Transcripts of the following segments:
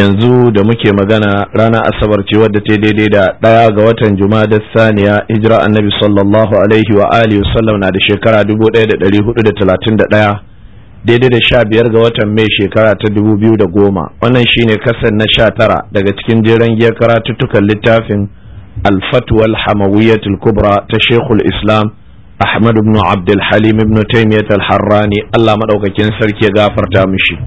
yanzu da muke magana ranar asabar ce wadda ta daidai da ɗaya ga watan da saniya hijira annabi sallallahu alaihi wa alihi wasallam na da shekara 1431 daidai da sha biyar ga watan mai shekara ta 2010 wannan shine kasan na sha tara daga cikin jeren giyar karatuttukan littafin alfatwal hamawiyatul kubra ta shekul islam ahmad ibn abdul halim ibn taimiyat al-harrani allah maɗaukakin sarki ya gafarta mishi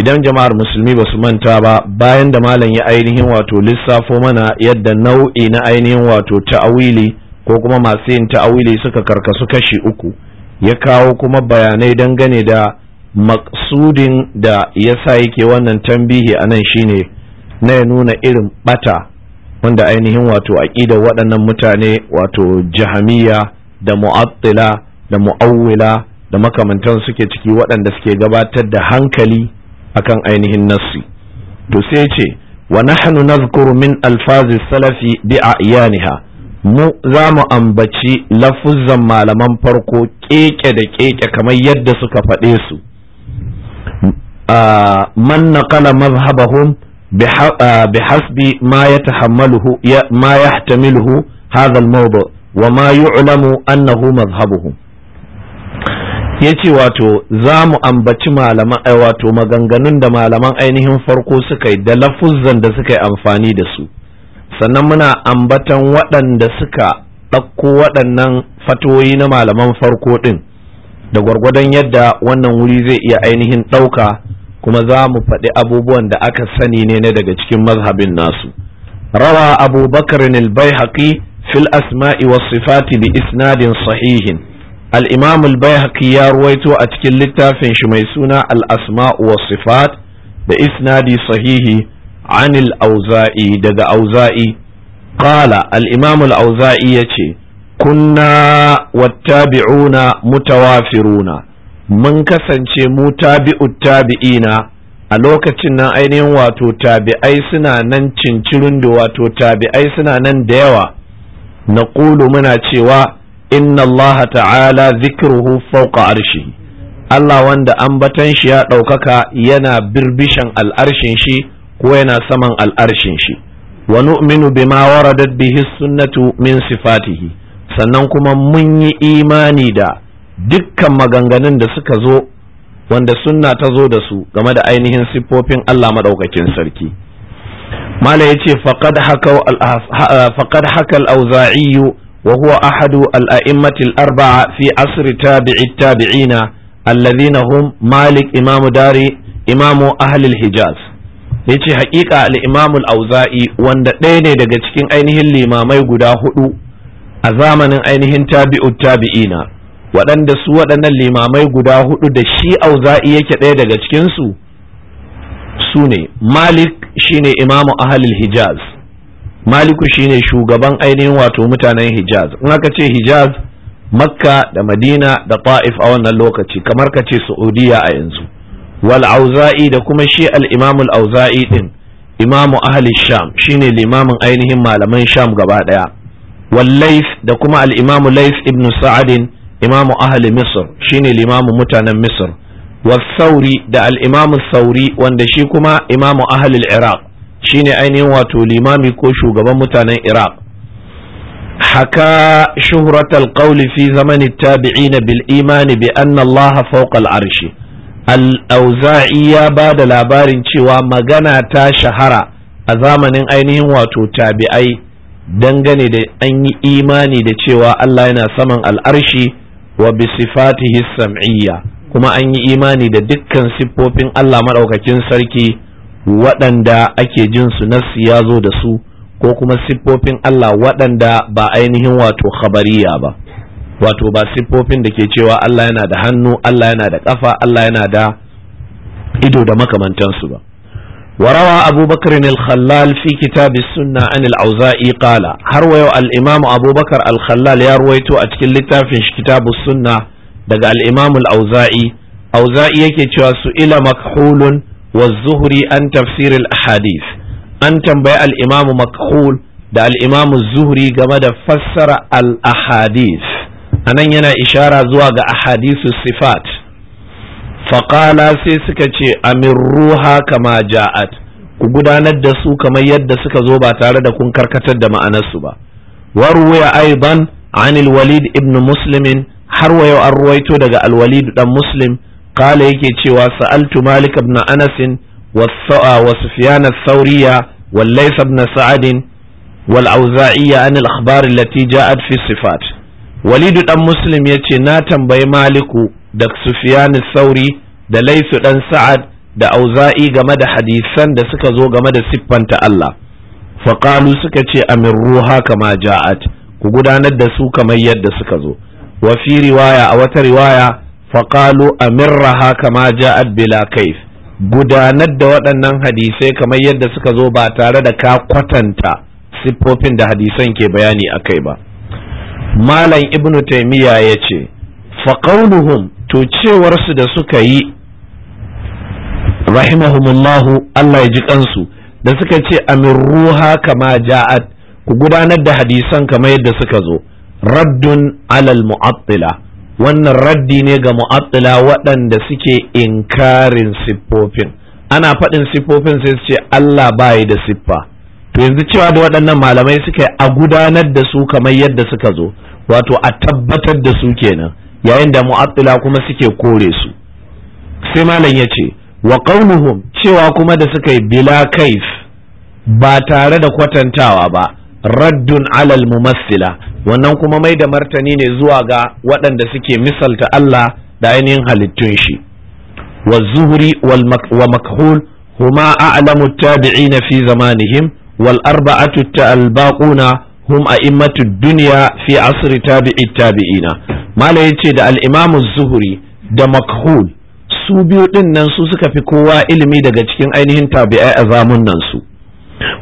idan jama'ar musulmi ba su manta ba bayan da malam ya ainihin wato lissafo mana yadda nau'i na ainihin wato ta'awili ko kuma masu yin ta'awili suka karkasu kashi uku ya kawo kuma bayanai dangane da maksudin da ya sa yake wannan tambihi a nan shine na ya nuna irin bata wanda ainihin wato aƙidar waɗannan mutane wato jahamiya da mu'attila da mu'awwila da makamantan suke ciki waɗanda suke gabatar da hankali akan ainihin nassi to sai ce wa nahnu nazkuru min alfazi salafi bi a'yaniha mu za mu ambaci lafuzan malaman farko keke da keke kamar yadda suka faɗe su man naqala ma بحسب ما يتحمله ما يحتمله wa wa ma yu'lamu annahu madhhabuhum ya ce wato za mu ambaci malaman ai eh, wato maganganun da malaman ainihin farko suka yi da lafuzan da suka yi amfani da su sannan muna ambatan waɗanda suka ɗauko waɗannan fatoyi na malaman farko ɗin da gwargwadon yadda wannan wuri zai iya ainihin ɗauka kuma za mu faɗi abubuwan da aka sani ne na daga cikin mazhabin nasu rawa abubakar al-baihaqi fil asma'i was sifati bi isnadin sahihin al-imam al ya ruwaito a cikin littafin shi mai suna al-asma' wa da isnadi sahihi an al-auza'i daga auza'i qala al-imam al-auza'i yace kunna wattabi'una mutawafiruna mun kasance mu tabi'ut tabi'ina a lokacin nan ainihin wato tabi'ai suna nan cincirin da wato tabi'ai suna nan da yawa na muna cewa inna Allah ta'ala zikruhu fawqa arshi Allah wanda ambatan shi ya ɗaukaka yana birbishan al'arshin shi ko yana saman al'arshin shi wa nu'minu bima waradat bihi sunnatu min sifatihi sannan kuma mun yi imani da dukkan maganganun da suka zo wanda sunna ta zo da su game da ainihin siffofin Allah maɗaukakin sarki mala yace faqad hakal auza'iyu وهو أحد الأئمة الأربعة في عصر تابع التابعين الذين هم مالك إمام داري إمام أهل الحجاز yace haƙiƙa al-Imam al-Auza'i wanda ɗaya ne daga cikin ainihin limamai guda hudu a zamanin ainihin tabi'u tabi'ina waɗanda su waɗannan limamai guda hudu da shi Auza'i yake ɗaya daga cikinsu? su ne Malik shine Imam Ahlul Hijaz maliku shine shugaban ainihin wato mutanen hijaz in aka ce hijaz makka da madina da ta'if a wannan lokaci kamar ka ce saudiya a yanzu wal auza'i da kuma shi al imamul auzai din imamu ahli sham shine limamin ainihin malaman sham gaba daya wal da kuma al imamu laif ibn sa'adin imamu ahli misr shine limamin mutanen misr was sauri da al-imam sauri wanda shi kuma imamu ahli iraq shine ainihin wato limami ko shugaban mutanen iraq haka shuhuratar qawli fi zamani tabi'ina bil imani bi annallaha allaha arshi alauza'i ya ba da labarin cewa magana ta shahara a zamanin ainihin wato tabi'ai dangane da an yi imani da cewa Allah yana saman al'arshi wa bi sifatihi sam'iyya kuma an yi imani da dukkan siffofin Allah maɗaukakin sarki waɗanda ake jin su nassi ya zo da su ko kuma siffofin Allah waɗanda ba ainihin wato khabariya ba wato ba siffofin da ke cewa Allah yana da hannu Allah yana da ƙafa Allah yana da ido da makamantansu ba وروى أبو بكر الخلال في كتاب السنة عن الأوزائي قال ya الإمام أبو بكر الخلال يرويتو أتكلتا في كتاب السنة دقى الإمام الأوزائي أوزائي يكي سئل مكحول wa an tafsir al an tambayi al-imam makhul da al-imam zuhri game da fassara al-ahadith anan yana ishara zuwa ga ahadisu sifat faqala sai suka ce amir ruha kama ja'at ku gudanar da su kamar yadda suka zo ba tare da kun karkatar da ma'anarsu ba warwaya Iban, an walid ibn muslimin har wa an ruwaito daga alwalid ɗan muslim kala yake cewa sa'altu malik ibn Anasin wa sufyan ath-thawriya wal lays ibn sa'ad wal an al-akhbar allati ja'at sifat walid dan muslim yace na tambayi maliku da sufyan ath da laysu dan sa'ad da auza'i game da hadisan da suka zo game da siffanta Allah faƙalu suka ce amin ruha kama ja'at ku gudanar da su kamar yadda suka zo wa fi riwaya a wata riwaya faƙalu amirraha kama Ja'ad bila kaif gudanar da waɗannan hadisai kamar yadda suka zo ba tare da ka kwatanta siffofin da hadisan ke bayani a kai ba malam ibnu taimiyya ya ce faƙaunuhum to cewarsu da suka yi rahimahumullahu Allah ya ji kansu da suka ce amirruha kama ja'at ku gudanar da hadisan kamar yadda suka zo raddun alal mu'attila wannan raddi ne ga mu'attila waɗanda suke inkarin siffofin ana faɗin siffofin sai su ce Allah bayi da siffa to yanzu cewa da waɗannan malamai suka a gudanar da su kamar yadda suka zo wato a tabbatar da su kenan yayin da mu'attila kuma suke kore su sai malam ya ce wa qauluhum cewa kuma da suka yi bila kaif ba tare da kwatantawa ba raddun alal mumassila wannan kuma mai da martani ne zuwa ga waɗanda suke misalta Allah da ainihin halittun shi wa zuhri wa makhul huma a'lamu tabi'ina fi zamanihim wal arba'atu ta'albaquna hum a'immatu dunya fi asri tabi'i tabi'ina mala yace da al-imamu zuhri da makhul su biyu din nan su suka fi kowa ilimi daga cikin ainihin tabi'ai a zamun nan su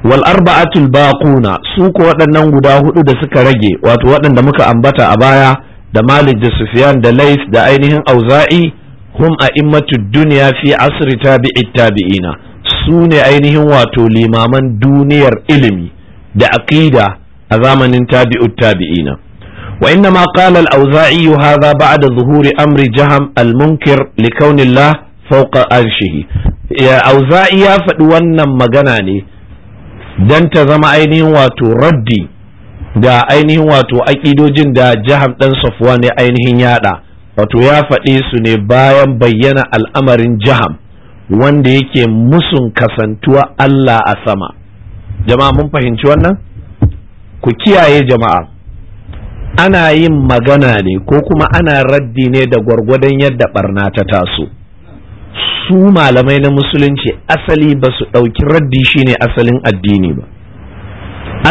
wal arba'atul baquna su ko waɗannan guda hudu da suka rage wato waɗanda muka ambata a baya da Malik da Sufyan da Lais da ainihin Auza'i hum a'immatud duniya fi asri tabi'i tabi'ina su ne ainihin wato limaman duniyar ilimi da aqida a zamanin tabi'u tabi'ina wa inna ma qala al-Auza'i hadha ba'da zuhuri amri jaham al-munkir li kaunillah fawqa arshihi ya Auza'i ya faɗi wannan magana ne dan ta zama ainihin wato raddi da ainihin wato aƙidojin da jihar ɗan safuwa ne ainihin yada wato ya faɗe su ne bayan bayyana al'amarin jihar wanda yake musun kasantuwa Allah a sama jama'a mun fahimci wannan ku kiyaye jama'a ana yin magana ne ko kuma ana raddi ne da gwargwadon yadda barna ta taso su malamai na musulunci asali ba su ɗauki raddi shine asalin addini ba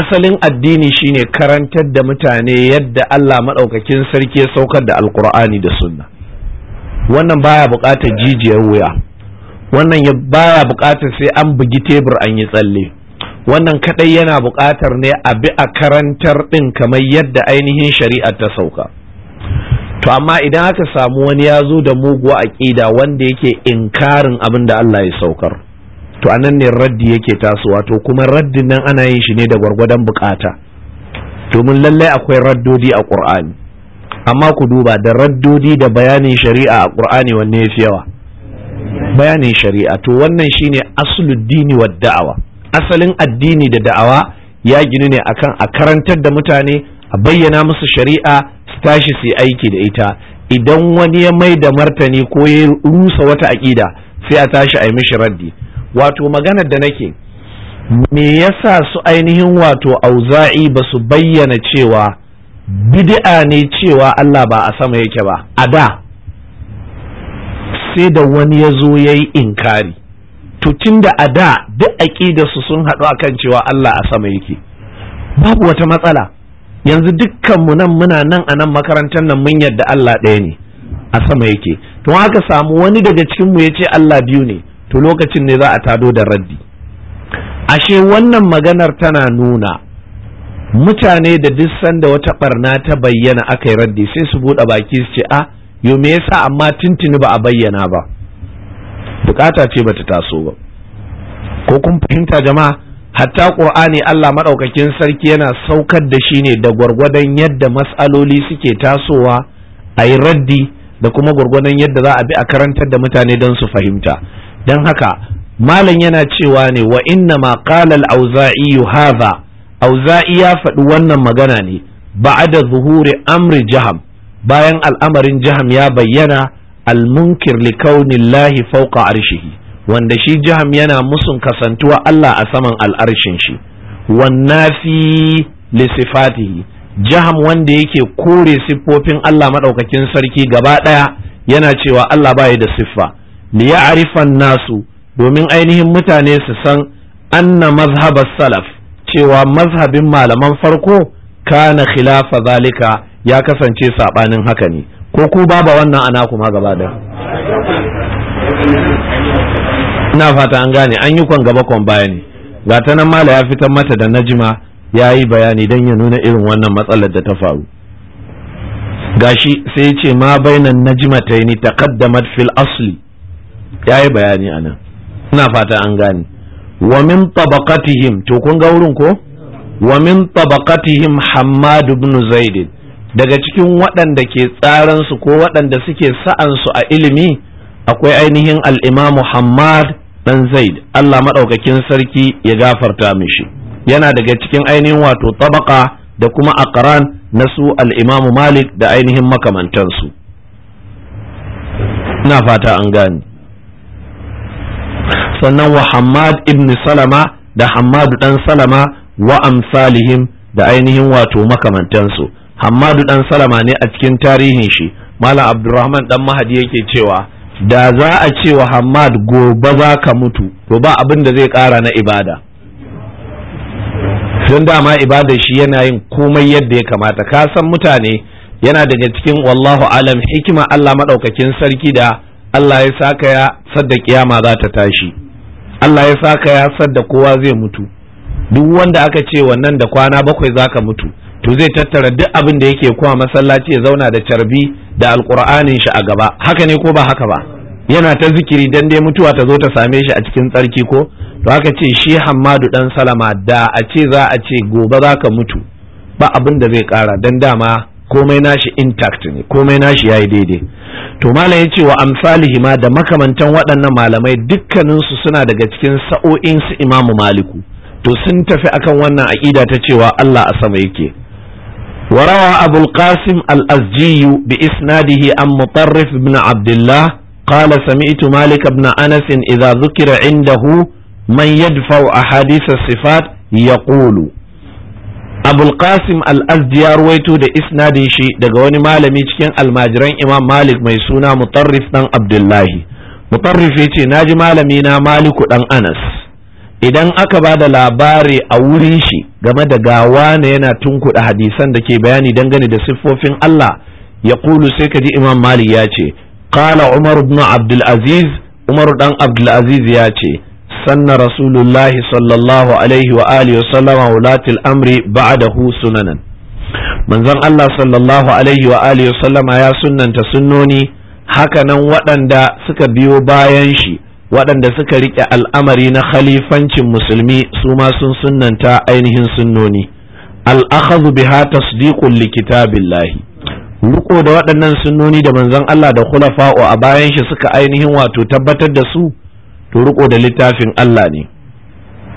asalin addini shine karantar da mutane yadda Allah maɗaukakin sarki ya saukar da alkur'ani da sunna wannan baya buƙatar jijiyar wuya wannan ya baya buƙatar sai an bugi tebur an yi tsalle wannan kaɗai yana buƙatar ne a bi a karantar ɗin kamar yadda ainihin shari'ar ta sauka to amma idan aka samu wani ya zo da muguwa aƙida wanda yake inkarin abin da Allah ya saukar to anan ne raddi yake tasowa to kuma raddin nan ana yin shi ne da gwargwadon bukata domin lallai akwai raddodi a ƙur'ani amma ku duba da raddodi da bayanin shari'a a ƙur'ani wanne yafi yawa bayanin shari'a to wannan shine asuluddini wa da'awa asalin addini da da'awa ya ginu ne akan a karantar da mutane a bayyana musu shari'a tashi su aiki da ita idan wani ya mai da martani ko ya rusa wata aƙida sai a tashi a yi mishi raddi wato maganar da nake me yasa su ainihin wato auza'i ba su bayyana cewa bid'a ne cewa Allah ba a sama yake ba a da sai da wani ya zo ya yi inkari to da a da duk aƙidarsu sun haɗu akan cewa Allah a sama yake babu wata matsala yanzu dukkanmu nan muna nan a nan makarantar nan mun yarda Allah ɗaya ne a sama yake to aka samu wani daga cikin mu ce Allah biyu ne to lokacin ne za a tado da raddi ashe wannan maganar tana nuna mutane da duk sanda wata barna ta bayyana aka yi raddi sai su buɗe baki su ce a ah, yo me yasa amma tintini ba a bayyana ba bukata ce bata taso ba ko kun fahimta jama'a hatta qur'ani Allah madaukakin sarki yana saukar da shi ne da gwargwadon yadda matsaloli suke tasowa a yi raddi da kuma gwargwadon yadda za a bi a karantar da mutane don su fahimta don haka malam yana cewa ne wa inna ma qala al-auza'i hadha auza'i ya faɗi wannan magana ne ba'da zuhuri amri jaham bayan al'amarin jaham ya bayyana al-munkir li kaunillahi fawqa arshihi wanda shi jiham yana musun kasantuwa Allah a saman al'arshin shi wannafi lisifatihi jiham wanda yake kore siffofin Allah maɗaukakin sarki gaba ɗaya yana cewa Allah baya da siffa li ya'rifan nasu domin ainihin mutane su san anna mazhabar salaf cewa mazhabin malaman farko kana khilafa zalika ya kasance saɓanin haka ne ko ku ba wannan ana kuma gaba ɗaya ina fata an gane an yi kwan gaba kwan bayani ga ta nan mala ya fitar mata da najima ya yi bayani don ya nuna irin wannan matsalar da ta faru gashi sai ya ce ma bainan najima ta yi taqaddamat fil asli ya yi bayani a nan ina fata an gane wa min tabaqatihim to kun ga wurin ko wa min tabaqatihim hammad ibn zaid daga cikin waɗanda ke tsaransu ko waɗanda suke sa'ansu a ilimi akwai ainihin al'imamu Hammad ɗan Zaid Allah maɗaukakin sarki ya gafarta mishi yana daga cikin ainihin wato tabaka da kuma akaran na su al'imamu Malik da ainihin makamantansu ina fata an gane sannan wa Hamad ibn Salama da Hamadu ɗan Salama wa amsalihim da ainihin wato makamantansu Hamadu ɗan Salama ne a cikin tarihin shi Malam Abdulrahman ɗan Mahadi yake cewa da za a ce wa Hamad gobe za ka mutu to ba abin da zai ƙara na ibada don dama ibada shi yana yin komai yadda ya kamata ka san mutane yana daga cikin wallahu alam hikima Allah maɗaukakin sarki da Allah ya saka ya sadda kiyama za ta tashi Allah ya saka ya sadda kowa zai mutu duk wanda aka ce wannan da kwana bakwai za ka mutu to zai tattara duk abin da yake kuma masallaci ya zauna da carbi da alkur'anin shi a gaba haka ne ko ba haka ba yana ta zikiri dan dai mutuwa ta zo ta same shi a cikin tsarki ko to haka ce shi hammadu dan salama da a ce za a ce gobe za ka mutu ba abin da zai kara dan dama komai nashi intact ne komai nashi yayi daidai to malam yace wa amsalihi ma da makamantan waɗannan malamai dukkaninsu suna daga cikin sa'o'in su imamu maliku to sun tafi akan wannan aƙida ta cewa Allah a sama yake وروى أبو القاسم الأزجي بإسناده عن مطرف بن عبد الله قال سمعت مالك بن أنس إذا ذكر عنده من يدفع أحاديث الصفات يقول أبو القاسم الأزجي رويته بإسناده شيء دقوني مالمي كان الماجرين إمام مالك ميسونا مطرف بن عبد الله مطرف يتي ناجي مالمينا مالك بن أنس idan aka ba da labari a wurin shi game da gawa ne yana tunkuɗa hadisan da ke bayani dangane da siffofin Allah ya kulu sai ka ji imam mali ya ce kala umar ibn abdulaziz umar dan abdulaziz ya ce sanna rasulullah sallallahu alaihi wa alihi wa sallama wulatil amri ba'dahu sunanan manzon Allah sallallahu alaihi wa alihi wa sallama ya sunnanta sunnoni hakanan waɗanda suka biyo bayan shi waɗanda suka riƙe al'amari na khalifancin musulmi su ma sun sunanta ainihin sunnoni al’akhazu biha tasdiqul likitabillahi kitabillahi riko da waɗannan sunnoni da manzon Allah da khulafa'u a bayan shi suka ainihin wato tabbatar da su to riko da littafin Allah ne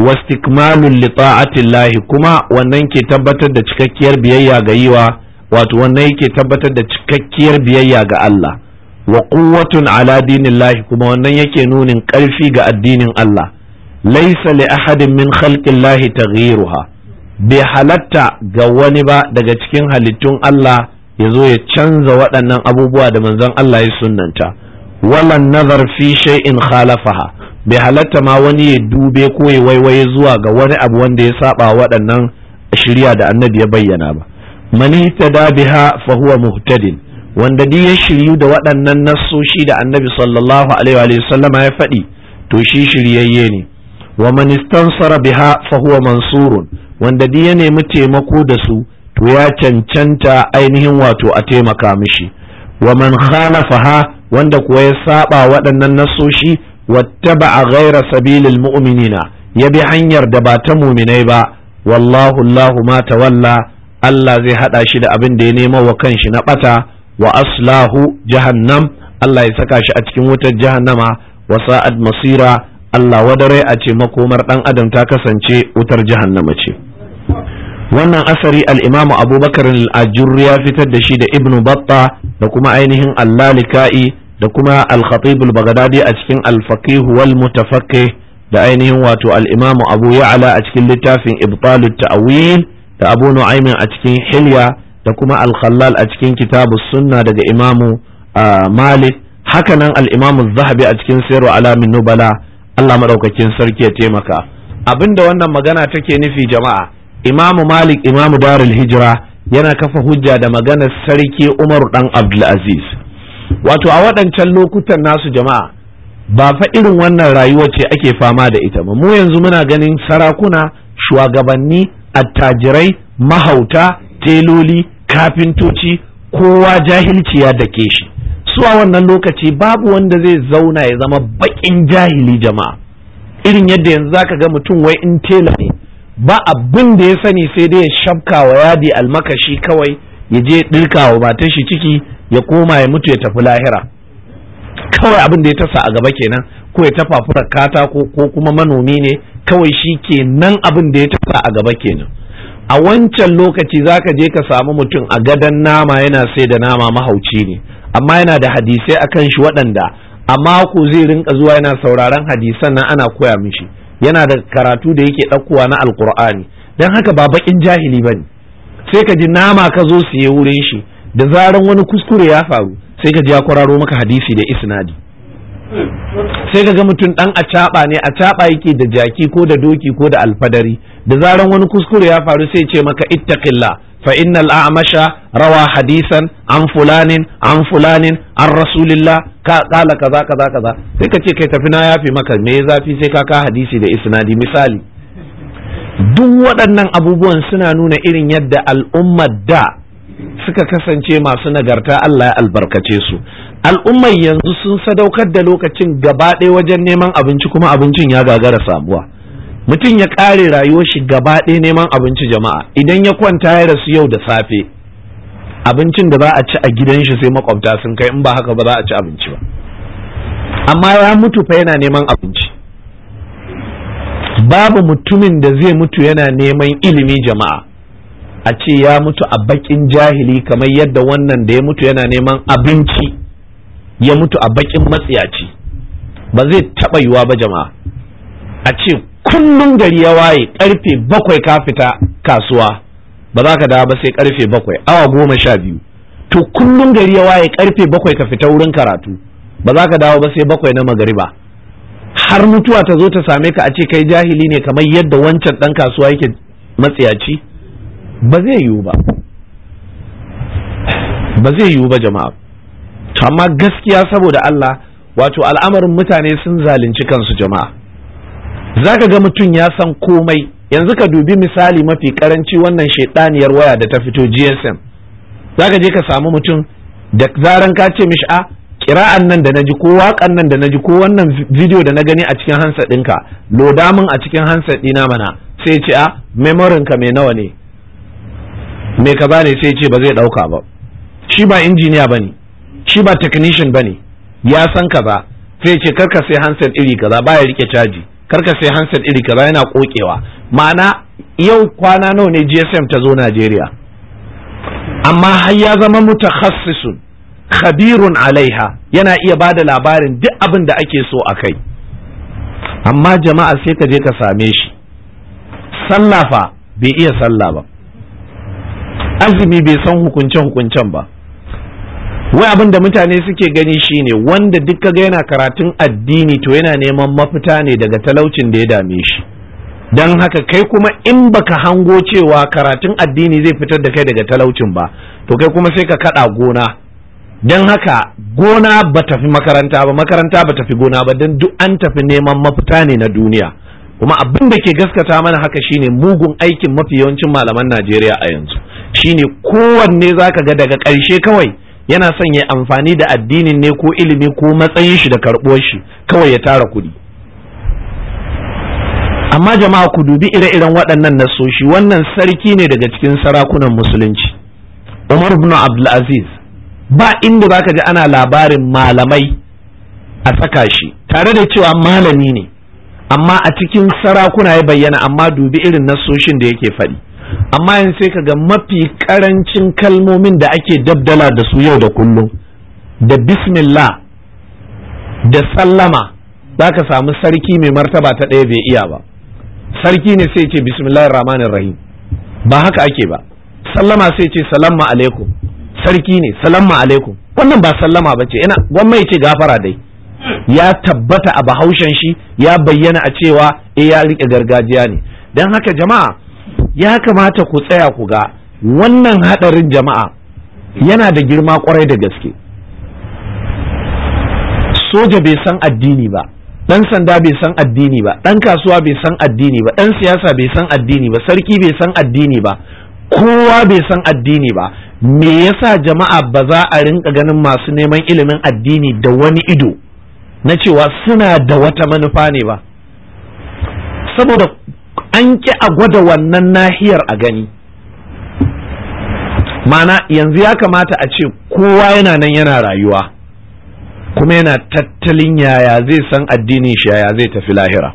wastikmalul li ta'atillahi kuma wannan ke tabbatar da cikakkiyar biyayya ga yiwa wato wannan yake tabbatar da cikakkiyar biyayya ga Allah wa quwwatun ala dinillahi kuma wannan yake nunin ƙarfi ga addinin Allah laisa li ahadin min khalqillahi taghyiruha bai halatta ga wani ba daga cikin halittun Allah ya zo ya canza waɗannan abubuwa da manzon Allah ya sunnanta walan nazar fi shay'in khalafaha bai halatta ma wani ya dube ko ya waiwaye zuwa ga wani abu wanda ya saba waɗannan shirya da annabi ya bayyana ba man ihtada biha fa huwa muhtadin wanda duk ya shiryu da waɗannan nassoshi da annabi sallallahu alaihi wa sallama ya faɗi to shi shiryayye ne wa man istansara biha fa huwa mansurun wanda duk ya nemi taimako da su to ya cancanta ainihin wato a taimaka mishi wa man khalafaha wanda kuwa ya saba waɗannan nassoshi wattaba'a ghaira sabilil mu'minina ya bi hanyar da ba ta muminai ba wallahu Allahu ma tawalla Allah zai hada shi da abin da ya nema wa kanshi na bata wa aslahu jahannam Allah ya saka shi a cikin wutar jahannama wa sa'ad masira Allah wadare a ce makomar dan adam ta kasance wutar jahannama ce wannan asari al-imam abubakar al-ajur ya fitar da shi da ibnu batta da kuma ainihin allalika'i da kuma al-khatib al-baghdadi a cikin al-faqih wal da ainihin wato al-imam abu ya'ala a cikin littafin ibtalut ta'wil da abu nu'aymin a cikin hilya da kuma al-khallal a cikin kitabu sunna daga imamu malik nan al-imamu zahabi a cikin sayarwa alamin nubala allah maɗaukakin sarki ya taimaka abinda wannan magana take nufi jama'a imamu malik imamu darul hijira yana kafa hujja da maganar sarki umaru dan abdulaziz wato a waɗancan lokutan nasu jama'a ba fa irin wannan rayuwa ce ake fama da ita ba mu yanzu muna ganin sarakuna shugabanni attajirai mahauta teloli kafintoci kowa jahilci ya dake shi suwa wannan lokaci babu wanda zai zauna ya zama baƙin jahili jama'a irin yadda yanzu zaka ga mutum wai in tela ne ba abin da ya sani sai dai ya shafka wa yadi almakashi kawai ya je ɗirka wa matar shi ciki ya koma ya mutu ya tafi lahira kawai abin da ya tasa a gaba kenan ko ya tafa fura katako ko kuma manomi ne kawai shi kenan abin da ya tasa a gaba kenan a wancan lokaci za ka je ka samu mutum a gadon nama yana sai da nama mahauci ne amma yana da hadisai a kan shi waɗanda a mako zai rinka zuwa yana sauraren hadisan nan ana koya mishi yana da karatu da yake ɗaukowa na alkur'ani don haka ba baƙin jahili ba ne sai ka ji nama ka zo siye wurin shi da zaran wani kuskure ya faru sai ka ji ya kwararo maka hadisi da isnadi sai ka ga mutum dan caba ne caba yake da jaki ko da doki ko da alfadari da zaran wani kuskure ya faru sai ce maka ittaqilla fa innal a'masha rawa hadisan an fulanin an fulanin an rasulillah ka kala kaza kaza kaza sai ka ce kai tafi na yafi maka me zafi sai ka ka hadisi da isnadi misali duk waɗannan abubuwan suna nuna irin yadda al'ummar da suka kasance masu nagarta Allah ya albarkace su al'ummar yanzu sun sadaukar da lokacin gaba ɗaya wajen neman abinci kuma abincin ya gagara samuwa mutum ya ƙare rayuwar shi gaba ɗaya neman abinci jama'a idan ya kwanta ya rasu yau da safe abincin da za a ci a gidan shi sai makwabta sun kai in ba haka ba za a ci abinci ba amma ya mutu fa yana neman abinci babu mutumin da zai mutu yana neman ilimi jama'a a ce ya mutu a bakin jahili kamar yadda wannan da ya mutu yana neman abinci ya mutu a bakin matsiyaci ba zai taɓa yiwa ba jama'a a ce kullum gari ya waye karfe bakwai ka fita kasuwa ba za ka dawo ba sai karfe bakwai awa goma sha biyu to kullum gari ya waye karfe bakwai ka fita wurin karatu ba za ka dawo ba sai bakwai na magariba har mutuwa ta zo ta same ka a ce kai jahili ne kamar yadda wancan ɗan kasuwa yake matsiyaci ba zai yiwu ba ba zai yiwu ba jama'a amma gaskiya saboda Allah wato al'amarin mutane sun zalunci kansu jama'a zaka ga mutum ya san komai yanzu ka dubi misali mafi karanci wannan shaidaniyar waya da ta fito GSM zaka je ka samu mutum da zaran ka ce mishi a kira'an nan da na ji ko waƙan nan da na ji ko wannan bidiyo da na gani a cikin hansa ɗinka loda min a cikin hansa ɗina mana sai ce a memorin ka mai nawa ne mai ka bani sai ce ba zai ɗauka ba shi ba injiniya bane shi ba technician bane ya san kaza ba sai ce karka sai handset iri kaza ba ya rike caji karka sai handset iri kaza yana kokewa ma'ana yau kwana nawa ne GSM ta zo Najeriya amma har ya zama mutakhassisun khabirun alaiha yana iya bada labarin duk abin da ake so a kai amma jama'a sai ka je ka same shi sallafa bai iya sallah ba azumi bai san hukunce-hukuncen ba wai abin da mutane suke gani shine wanda duk ga yana karatun addini to yana neman mafita ne daga talaucin da ya dame shi don haka kai kuma in baka hango cewa karatun addini zai fitar da kai daga talaucin ba to kai kuma sai ka kada gona don haka gona ba tafi makaranta ba makaranta ba tafi gona ba don duk an tafi neman mafita ne na duniya kuma abin da ke gaskata mana haka shine mugun aikin mafi yawancin malaman Najeriya a yanzu shine kowanne zaka ga daga ƙarshe kawai yana son ya amfani da addinin ne ko ilimi ko matsayin shi da karɓuwar shi kawai ya tara kuɗi amma jama'a ku dubi ire-iren waɗannan nasoshi wannan sarki ne daga cikin sarakunan musulunci Umar ibn Abdul ba inda zaka ji ana labarin malamai a saka shi tare da cewa malami ne amma a cikin sarakuna ya bayyana amma dubi irin nasoshin da yake faɗi amma yanzu sai kaga mafi karancin kalmomin da ake dabdala da su yau da kullum da bismillah da sallama za ka samu sarki mai martaba ta ɗaya bai iya ba sarki ne sai ce bismillahir rahmanir rahim ba haka ake ba sallama sai ce salamu alaikum sarki ne salamu alaikum wannan ba sallama ba ce ina gwamma ya ce gafara dai ya tabbata a bahaushen shi ya bayyana a cewa eh ya rike gargajiya ne dan haka jama'a ya kamata ku tsaya ku ga wannan haɗarin jama'a yana da girma kwarai da gaske soja bai san addini ba Dan sanda bai san addini ba Dan kasuwa bai san addini ba Dan siyasa bai san addini ba sarki bai san addini ba kowa bai san addini ba me yasa jama'a ba za a rinka ganin masu neman ilimin addini da wani ido na cewa suna da wata manufa ne ba saboda an ki a gwada wannan nahiyar a gani mana yanzu ya kamata a ce kowa yana nan yana rayuwa kuma yana tattalin yaya zai san addinin shi yaya zai tafi lahira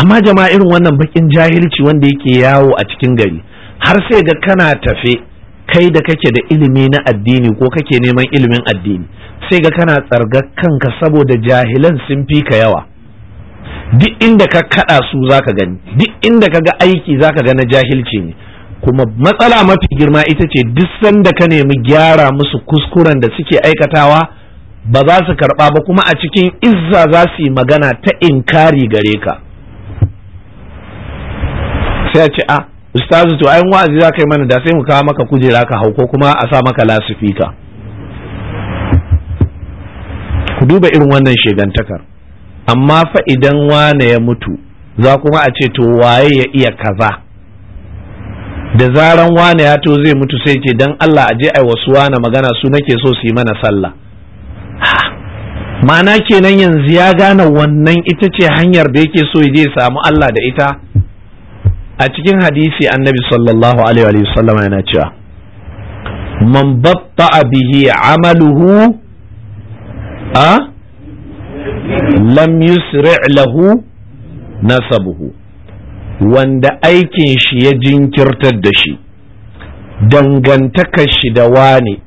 amma jama'a irin wannan bakin jahilci wanda yake yawo a cikin gari har sai ga kana tafe kai da kake da ilimi na addini ko kake neman ilimin addini sai ga kana tsargar kanka saboda jahilan sun fi ka yawa duk inda ka kada su zaka gani duk inda ka ga aiki zaka ga na jahilci ne kuma matsala mafi girma ita ce duk sanda ka nemi gyara musu kuskuren da suke aikatawa ba za su karba ba kuma a cikin izza za su yi magana ta inkari gare ka sai a ce a ah, ustazu to ayin wa'azi za ka yi mana da sai mu kawo maka kujera ka hau ko kuma a sa maka lasifika ku duba irin wannan shegantakar amma fa idan wane ya mutu za kuma a ce to waye ya iya kaza da zaran wane ya to zai mutu sai ce dan Allah a je ai wasu wane magana su nake so su yi mana sallah ma'ana kenan yanzu ya gane wannan ita ce hanyar da yake so ya samu Allah da ita a cikin hadisi annabi sallallahu alaihi yana cewa man batta bihi amaluhu a lam yusri' lahu nasabuhu wanda aikin shi ya jinkirtar da shi dangantakar shi da wane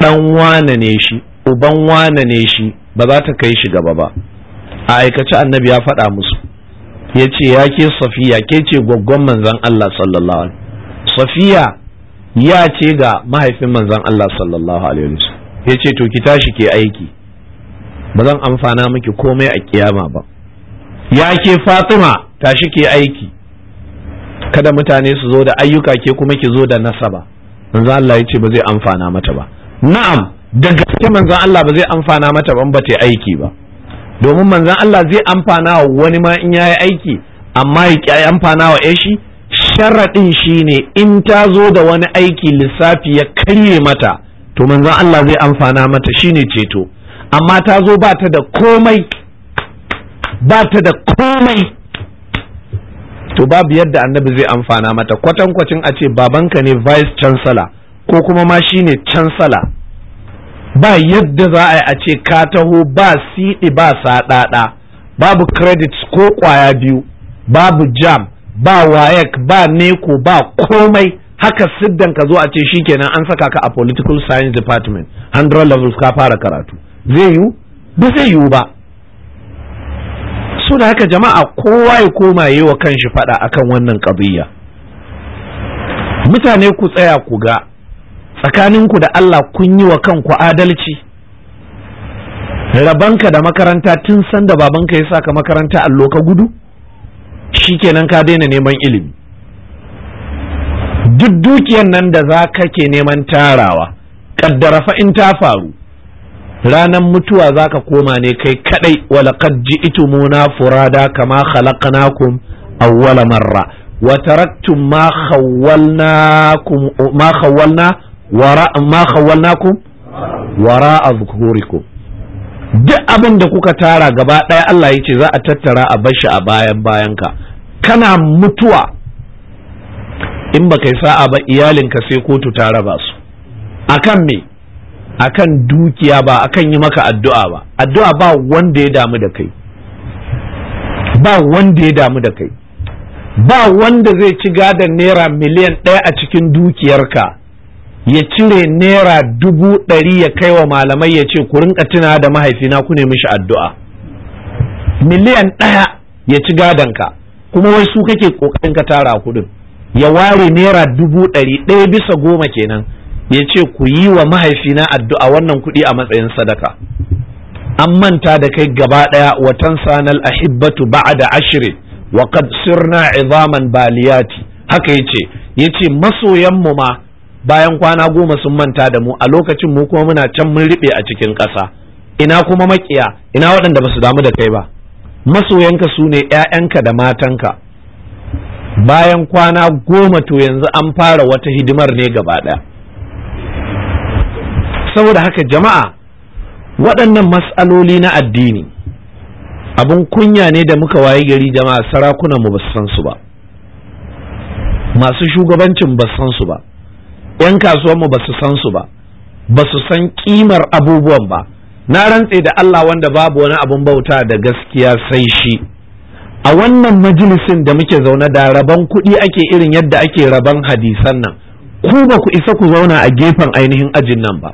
dan wane ne shi uban wane ne shi ba za ta kai shi gaba ba a aikace annabi ya faɗa musu ya ce ya ke safiya ke ce gwaggon manzan Allah sallallahu alaihi safiya ya ce ga mahaifin manzan Allah sallallahu alaihi wasallam ya ce to ki tashi ke aiki ba zan amfana miki komai a kiyama ba ya ke fatima tashi ke aiki kada mutane su zo da ayyuka ke kuma ki zo da nasaba manzo Allah ya ce ba zai amfana mata ba na'am da gaske manzon Allah ba zai amfana mata ban ba ta aiki ba domin manzan Allah zai amfana wa wani ma in yayi aiki amma ya amfana wa shi sharaɗin shine in ta zo da wani aiki lissafi ya karye mata to manzon Allah zai amfana mata shine ceto amma ta zo ba ta da komai ba ta da komai to babu yadda annabi zai amfana mata kwatankwacin a ce babanka ne vice chancellor ko kuma ma shine chancellor ba yadda za a yi a ce ka taho ba siɗi ba saɗaɗa babu credits ko ƙwaya biyu babu jam ba wayek ba neko ba komai haka siddan ka zo a ce shi kenan an saka ka a political science department 100 levels ka fara karatu zai yiwu ba zai yiwu ba so da haka jama'a kowa ya koma yi wa kanshi fada akan wannan ƙabiyya mutane ku tsaya ku ga tsakaninku da Allah kun yi wa kanku adalci rabanka da makaranta tun sanda babanka ya saka makaranta allo ka gudu Shi shikenan ka daina neman ilimi duk dukiyan nan da za ka ke neman tarawa kaddara fa in ta faru ranan mutuwa zaka koma ne kai kadai walaqad ji'tumuna furada kama khalaqnakum awwala marra wa taraktum ma khawwalnakum ma khawwalna wara ma khawwalnakum wara azhurikum duk abin da kuka tara gaba ɗaya Allah ya ce za a tattara a bashi a bayan bayanka kana mutuwa in baka yi sa'a ba iyalinka sai kotu ta raba su akan me akan dukiya ba akan yi maka addu'a ba addu'a ba wanda ya damu da kai ba wanda ya damu da kai ba wanda zai ci gadon naira miliyan ɗaya a cikin dukiyarka ya cire naira dubu ɗari ya kai wa malamai ya ce ku rinka tuna da mahaifina ku ne mishi addu'a miliyan ɗaya ya ci ka kuma wai su kake ƙoƙarin ka tara kuɗin ya ware naira dubu ɗari ɗaya bisa goma kenan ya ce ku yi wa mahaifina addu'a wannan kuɗi a matsayin sadaka an manta da kai gaba ɗaya watan sanal ahibbatu ba'da ashirin wa sirna izaman baliyati haka ya ce. Ya ce masoyanmu ma bayan kwana goma sun manta da mu a lokacin mu kuma muna can mun riɓe a cikin ƙasa ina kuma makiya ina waɗanda ba su damu da kai ba masoyanka su ne ‘ya'yanka da matanka bayan kwana goma to yanzu an fara wata hidimar ne gaba ɗaya saboda haka jama'a waɗannan matsaloli na addini abin kunya ne da muka waye gari jama'a sarakunan mu san su ba masu shugabancin ba san su ba 'yan kasuwan mu ba su san su ba ba su san ƙimar abubuwan ba na rantse da Allah wanda babu wani abin bauta da gaskiya sai shi a wannan majalisin da muke zaune da rabon kuɗi ake irin yadda ake rabon hadisan nan ku ba ku isa ku zauna a gefen ainihin ajin nan ba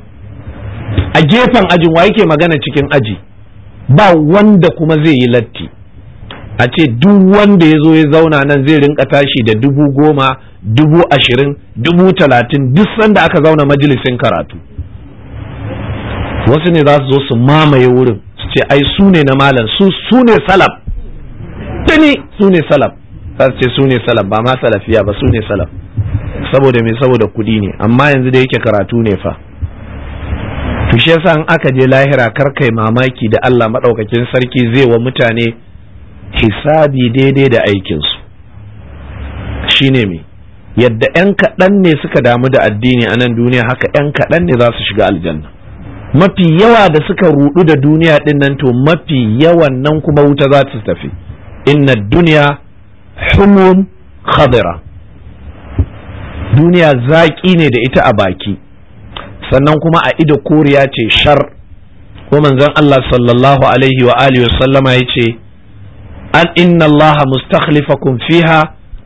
a gefen ajin wa yake magana cikin aji ba wanda kuma zai yi latti a ce duk wanda ya zo ya zauna nan zai rinka tashi da dubu goma dubu ashirin dubu talatin duk sanda aka zauna majalisin karatu wasu ne za su zo su mamaye wurin su ce ai su ne na malam su su ne salaf tuni su ne salaf za su ce su ne salaf ba ma salafiya ba su ne salaf saboda me saboda kuɗi ne amma yanzu da yake karatu ne fa to shi yasa in aka je lahira kar kai mamaki da Allah maɗaukakin sarki zai wa mutane hisabi daidai da aikinsu shine me yadda 'yan kaɗan ne suka damu da addini a nan duniya haka 'yan kaɗan ne za su shiga aljanna mafi yawa da suka rudu da duniya din nan to mafi yawan nan kuma wuta za ta tafi inna duniya humun khadira duniya zaƙi ne da ita a baki sannan kuma a ido koriya ce shar ko manzon Allah sallallahu alaihi wa alihi sallama yace an inna Allah mustakhlifakum fiha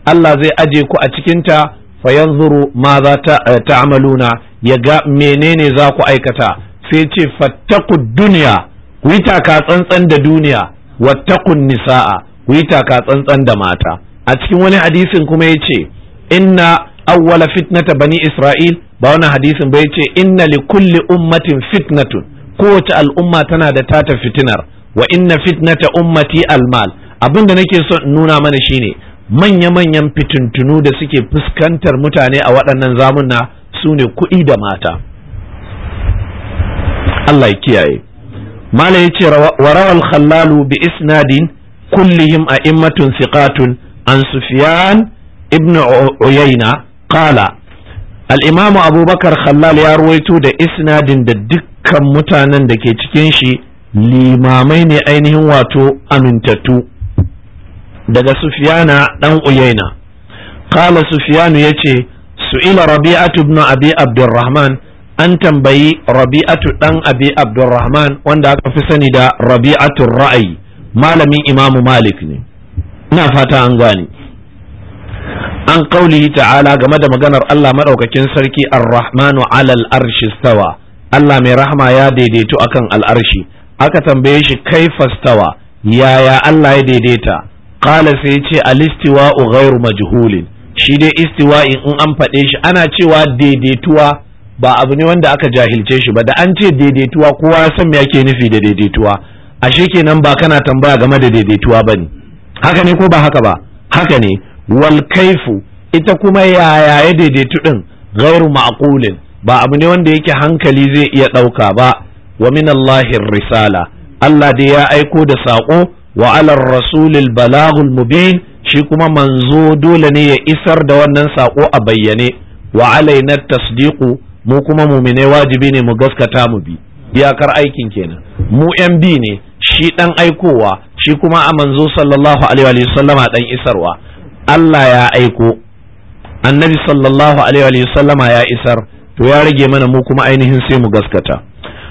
Allah zai aje ku a cikin ta fa yanzuru ma za ta'maluna eh, ya ga menene za ku aikata sai ce fattakud duniya ku yi taka tsantsan da duniya wattakun nisa'a ku yi taka tsantsan da mata a cikin wani hadisin kuma yace inna awwala fitnata bani isra'il ba wannan hadisin ba yace inna li kulli ummatin fitnatun kowace al'umma tana da tata fitinar wa inna fitnata ummati almal Abin abinda nake so in nuna mana shine manya-manyan fitintunu da suke fuskantar mutane a waɗannan zamuna su ne kuɗi da mata Allah ya kiyaye mala ya ce wa khallalu bi isnadin kullihim a immatun siqatun an sufiyan ibn uyayna Kala, al-imamu abubakar khalal ya ruwaito da isnadin da dukkan mutanen da ke cikin shi limamai ne ainihin wato amintattu daga sufiyana dan uyaina qala sufiyanu yace su'ila rabi'atu ibn abi abdurrahman an tambayi rabi'atu dan abi abdurrahman wanda aka fi sani da rabi'atu ra'ayi malamin imamu malik ne ina fata an gane an qaulihi ta'ala game da maganar Allah madaukakin sarki ar-rahmanu alal arshi stawa Allah mai rahma ya daidaito akan al'arshi aka tambaye shi kaifa stawa yaya Allah ya daidaita qala sai ya ce al istiwa ghairu majhulin shi dai istiwa in an faɗe shi ana cewa daidaituwa ba abu ne wanda aka jahilce shi ba da an ce daidaituwa kowa ya san me yake nufi da daidaituwa ashe kenan ba kana tambaya game da daidaituwa bane haka ne ko ba haka ba haka ne Walkaifu ita kuma yaya ya daidaitu din gairu ma'qulin ba abu ne wanda yake hankali zai iya ɗauka ba wa min Allahir risala Allah da ya aiko da saƙo wa alar rasulil balagul mubin shi kuma manzo dole ne ya isar da wannan saƙo a bayyane wa alaina tasdiqu mu kuma mumine wajibi ne mu gaskata mu bi iyakar aikin kenan mu yan bi ne shi dan aikowa shi kuma a manzo sallallahu alaihi wa sallama dan isarwa Allah ya aiko annabi sallallahu alaihi wa sallama ya isar to ya rage mana mu kuma ainihin sai mu gaskata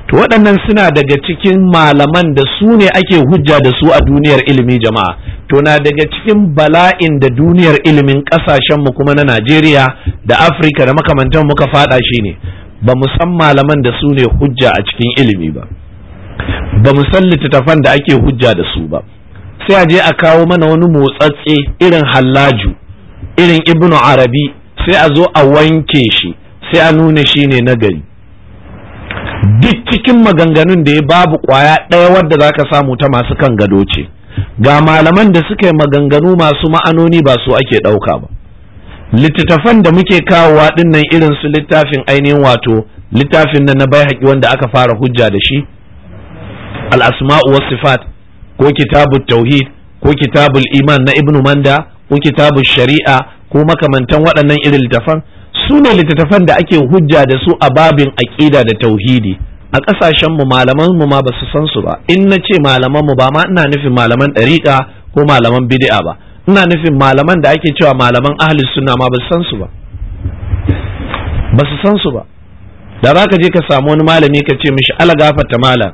to waɗannan suna daga cikin malaman da su ne ake hujja da su a duniyar ilimi jama'a to na daga cikin bala'in da duniyar ilimin ƙasashenmu kuma na najeriya da afirka da makamantan muka faɗa shi ne ba mu san malaman da su ne hujja a cikin ilimi ba ba mu san littattafan da ake hujja da su ba sai a je a kawo mana wani motsatse irin hallaju irin ibnu arabi sai a zo a wanke shi sai a nuna shi ne nagari duk cikin maganganun da ya babu kwaya ɗaya wadda za ka samu ta masu kan gado ce ga malaman da suka yi maganganu masu ma'anoni ba su ake ɗauka ba littattafan da muke kawowa nan irin su littafin ainihin wato littafin nan na bai haƙi wanda aka fara hujja da shi al'asma'u was sifat ko kitabu tauhid ko kitabul iman na ibnu manda ko kitabul shari'a ko makamantan waɗannan irin littafan su ne littattafan da ake hujja da su a babin aƙida da tauhidi a ƙasashen mu malaman mu ma basu san su ba in na ce malaman mu ba ma ina nufin malaman ɗariƙa ko malaman bid'a ba ina nufin malaman da ake cewa malaman ahli sunna ma basu san su ba basu san su ba da za ka je ka samu wani malami ka ce mishi ala gafarta malam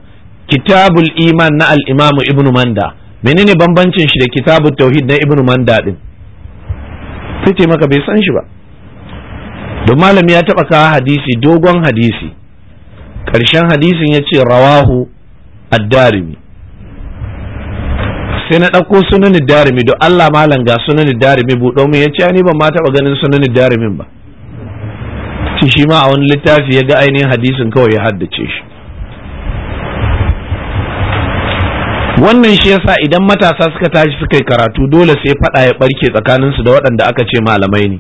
kitabul iman na Alimamu imam ibn manda menene bambancin shi da kitabut tauhid na ibn manda din sai ce maka bai san shi ba don malami ya taba kawo hadisi dogon hadisi Karshen hadisin ya ce rawahu ad sai na ɗauko sunan darimi don Allah malam ga sunan darimi buɗo min ya ce ni ban ma taɓa ganin sunan darimin ba shi shi ma a wani littafi ya ga ainihin hadisin kawai ya haddace shi wannan shi yasa idan matasa suka tashi suka yi karatu dole sai faɗa ya ɓarke tsakaninsu da waɗanda aka ce malamai ne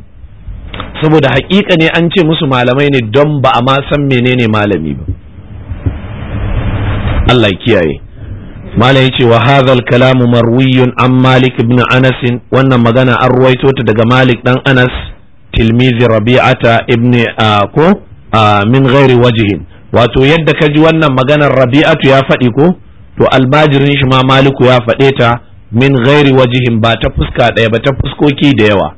saboda haƙiƙa ne an ce musu malamai ne don ba a ma san menene malami ba Allah kiyaye malam yace wa hadhal kalamu marwiyun an malik ibn anas wannan magana an ruwaito ta daga malik dan anas tilmizi rabi'ata ibn ko min ghairi wajhin wato yadda kaji wannan maganar rabi'atu ya faɗi ko to almajirin shi ma maliku ya faɗe ta min ghairi wajihin ba ta fuska ɗaya ba ta fuskoki da yawa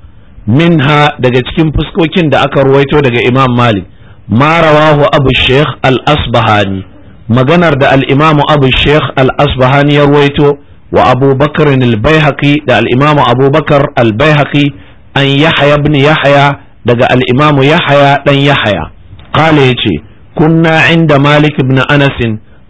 min ha daga cikin fuskokin da aka ruwaito daga imam malik ma rawahu abu sheikh al-asbahani maganar da al-imam abu sheikh al-asbahani ya ruwaito wa abu bakar al-baihaqi da al-imam abu bakar al-baihaqi an yahya ibn yahya daga al-imam yahya dan yahya qala yace kunna inda malik ibn anas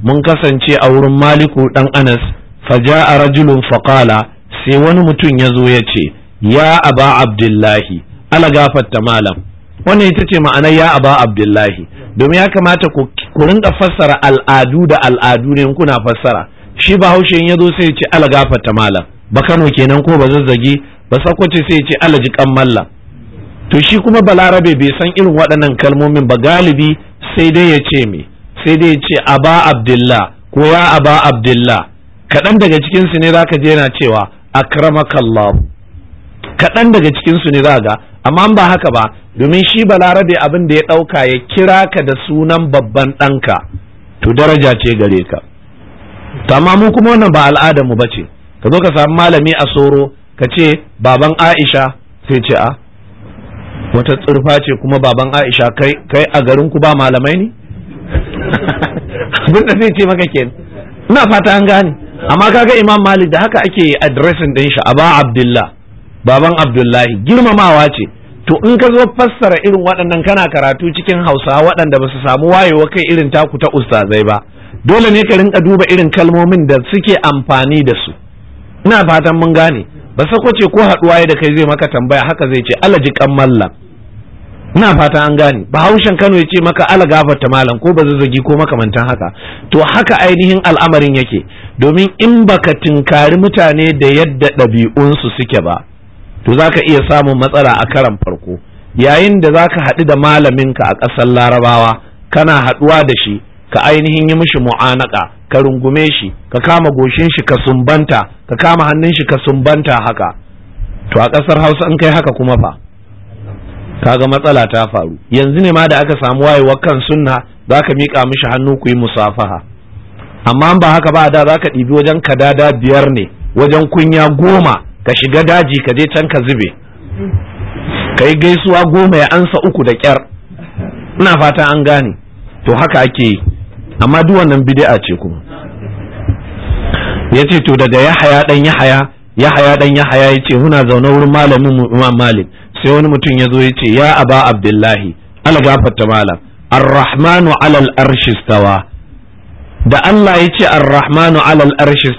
mun kasance a wurin maliku dan anas Faja a rajulun faƙala sai wani mutum ya zo ya ce ya aba abdullahi ala gafarta malam wannan ita ce ma'ana ya aba abdullahi domin ya kamata ku rinka fassara al'adu da al'adu ne kuna fassara shi ba haushe ya zo sai ya ce ala gafarta malam ba kano kenan ko ba zazzage ba sakwace sai ya ce ala jiƙan mallam to shi kuma balarabe bai san irin waɗannan kalmomin ba galibi sai dai ya ce mai. sai dai ce aba abdullah ko ya aba abdullah kaɗan daga cikinsu ne za ka je yana cewa akramakallahu kaɗan daga cikinsu ne za ga amma ba haka ba domin shi balarabe abin da ya ɗauka ya kira ka da sunan babban ɗanka to daraja ce gare ka to amma mu kuma wannan ba al'adar mu bace ka zo ka samu malami a soro ka ce baban aisha sai ce a ah, wata tsurfa ce kuma baban aisha kai kai a garin ku ba malamai ne abin da zai ce maka kenan ina fata an gane amma kaga imam malik da haka ake addressing din shi aba abdullah baban abdullahi girmamawa ce to in ka zo fassara irin waɗannan kana karatu cikin hausa waɗanda ba su samu wayewa kai irin taku ta ustazai ba dole ne ka rinka duba irin kalmomin da suke amfani da su ina fatan mun gane ba sako ce ko haɗuwa da kai zai maka tambaya haka zai ce alaji kan ina fata an gane bahaushen kano ya ce maka ala ta malam ko ba zazzagi ko makamantan haka to haka ainihin al'amarin yake domin in baka tinkari mutane da yadda ɗabi'unsu suke ba to zaka iya samun matsala a karan farko yayin da zaka haɗu da malaminka a ƙasar larabawa kana haɗuwa da shi ka ainihin yi mishi mu'anaka ka rungume shi ka kama goshin shi ka sumbanta ka kama hannun shi ka sumbanta haka to a ƙasar hausa in kai haka kuma fa kaga matsala ta faru yanzu ne ma da aka samu wayewar kan sunna za ka miƙa mishi hannu ku yi musafaha amma ba haka ba da za ka ɗibi wajen kadada biyar ne wajen kunya goma ka shiga daji ka je can ka zube ka yi gaisuwa goma ya ansa uku da kyar ina fata an gane to haka ake yi amma duk wannan bid'a ce kuma yace to daga yahaya dan yahaya yahaya dan yahaya yace muna zaune wurin malamin mu Imam Malik sai wani mutum ya zo ya ce ya aba abdullahi algafata gafarta malam arrahmanu alal da Allah ya ce arrahmanu alal arshi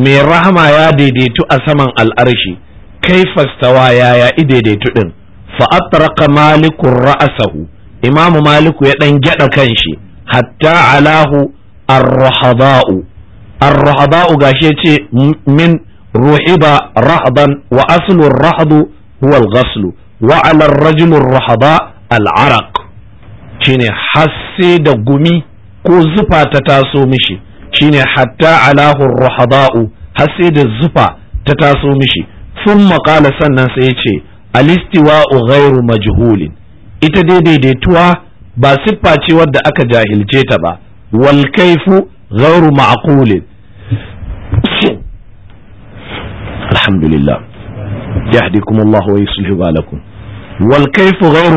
mai rahama ya daidaitu a saman al'arshi kai fastawa ya i daidaitu din fa atraqa malikun ra'asahu imamu maliku ya dan gyada kanshi hatta alahu arrahada'u arrahada'u gashi ce min ruhiba rahban wa aslun rahdu huwa al-ghaslu wa'alar ala rajulur rahaba al'araq shine hase da gumi ko zufa ta taso mishi shine hatta alahu rahaba'u hasse da zufa ta taso mishi sun maƙala sannan sai ce alistiwa'u ghairu majhulin ita dai daidaituwa ba siffa ce wadda aka jahilce ta ba wal kaifu ghairu ma'qulin alhamdulillah yahdikum Allah wa yuslih balakum wal kaifu ghairu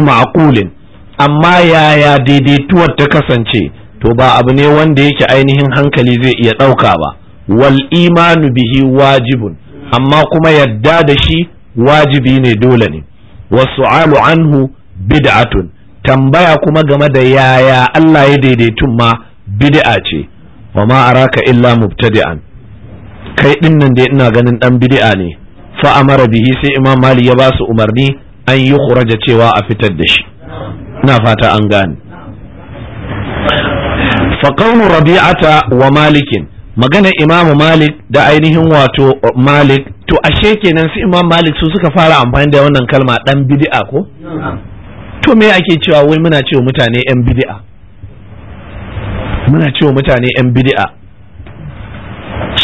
amma yaya daidaituwar ta kasance to ba abu ne wanda yake ainihin hankali zai iya ɗauka ba wal imanu bihi wajibun amma kuma yadda da shi wajibi ne dole ne Wasu wasu'alu anhu bid'atun tambaya kuma game da yaya Allah ya daidaitun ma bid'a ce wa ma araka illa mubtadi'an kai din da ina ganin dan bid'a ne fa amara bihi sai imam mali ya ba su umarni an yi kuraja cewa a fitar da shi na fata an gane faƙaunu rabi'ata wa malikin magana imamu malik da ainihin wato malik to ashe kenan su imam malik su suka fara amfani da wannan kalma dan bidi'a ko to me ake cewa wai muna cewa mutane yan bidi'a muna cewa mutane yan bidi'a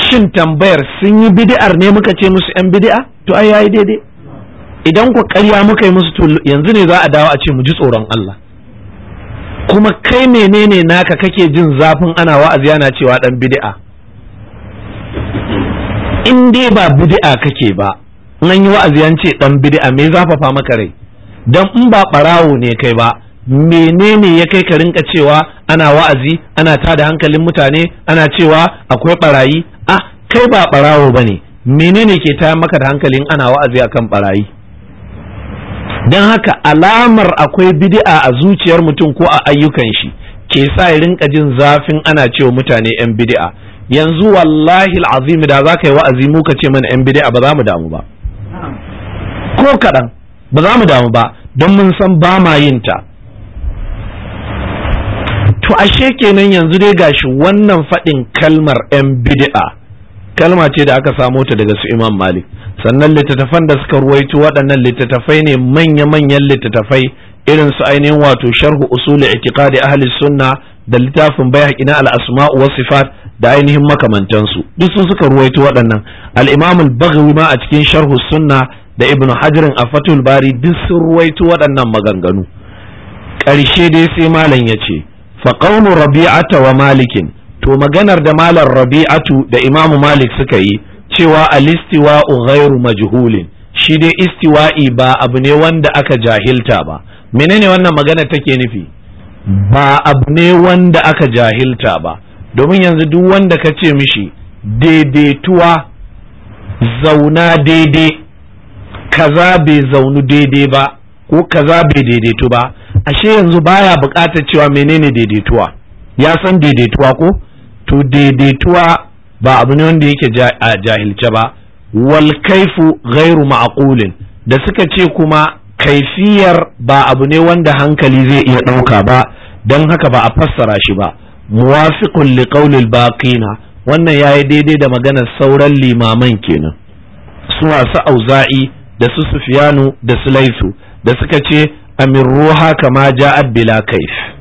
shin tambayar sun yi bidi'ar ne muka ce musu yan bid'a to ai yayi daidai idan ku ƙarya muka yi musu to yanzu ne za a dawo a ce mu ji tsoron Allah kuma kai menene naka kake jin zafin ana wa'azi yana cewa dan bid'a in dai ba bid'a kake ba nan yi wa'azi an ce dan bid'a me zafafa maka rai dan in ba barawo ne kai ba menene ya kai ka rinka cewa ana wa'azi ana tada hankalin mutane ana cewa akwai barayi ah kai ba barawo bane menene ke tayar maka da hankalin ana wa'azi akan barayi don haka alamar akwai bid'a a zuciyar mutum ko a ayyukan shi ke sa ya rinka jin zafin ana cewa mutane yan bid'a yanzu wallahi azim da za ka yi wa'azi mu ka ce mana yan bid'a ba za mu damu ba ko kaɗan ba za mu damu ba don mun san ba ma yin ta to ashe kenan yanzu dai gashi wannan faɗin kalmar yan bid'a kalma ce da aka samo ta daga su imam malik sannan littattafan da suka ruwaito waɗannan littattafai ne manya-manyan littattafai irin su ainihin wato sharhu usul i'tiqadi ahli sunna da littafin bayhaqi na al-asma wa sifat da ainihin makamantansu duk sun suka ruwaito waɗannan al-imam al ma a cikin sharhu sunna da ibnu hajarin a fatul bari duk sun ruwaito waɗannan maganganu ƙarshe dai sai malam ya ce fa qawlu rabi'ata wa malikin to maganar da malam rabi'atu da imamu malik suka yi cewa alistiwa ghairu majhulin shi dai istiwa'i ba abu ne wanda aka jahilta ba menene wannan magana take nufi ba abu ne wanda aka jahilta ba domin yanzu duk wanda ka ce mishi daidaituwa zauna daidai kaza bai zaunu daidai ba ko kaza bai daidaitu ba ashe yanzu baya bukatar cewa menene daidaituwa ya san daidaituwa ko to daidaituwa ba abu ne wanda yake a jahilce ba wal kaifu gairu ma'aqulin da suka ce kuma kaifiyar ba abu ne wanda hankali zai iya ɗauka ba don haka ba a fassara shi ba muwafiqun liqaulil baqina wannan yayi daidai da maganar sauran limaman kenan su wasu auza'i da su Sufiyanu da su laisu da suka ce amin ruha kama ja'a bila kaif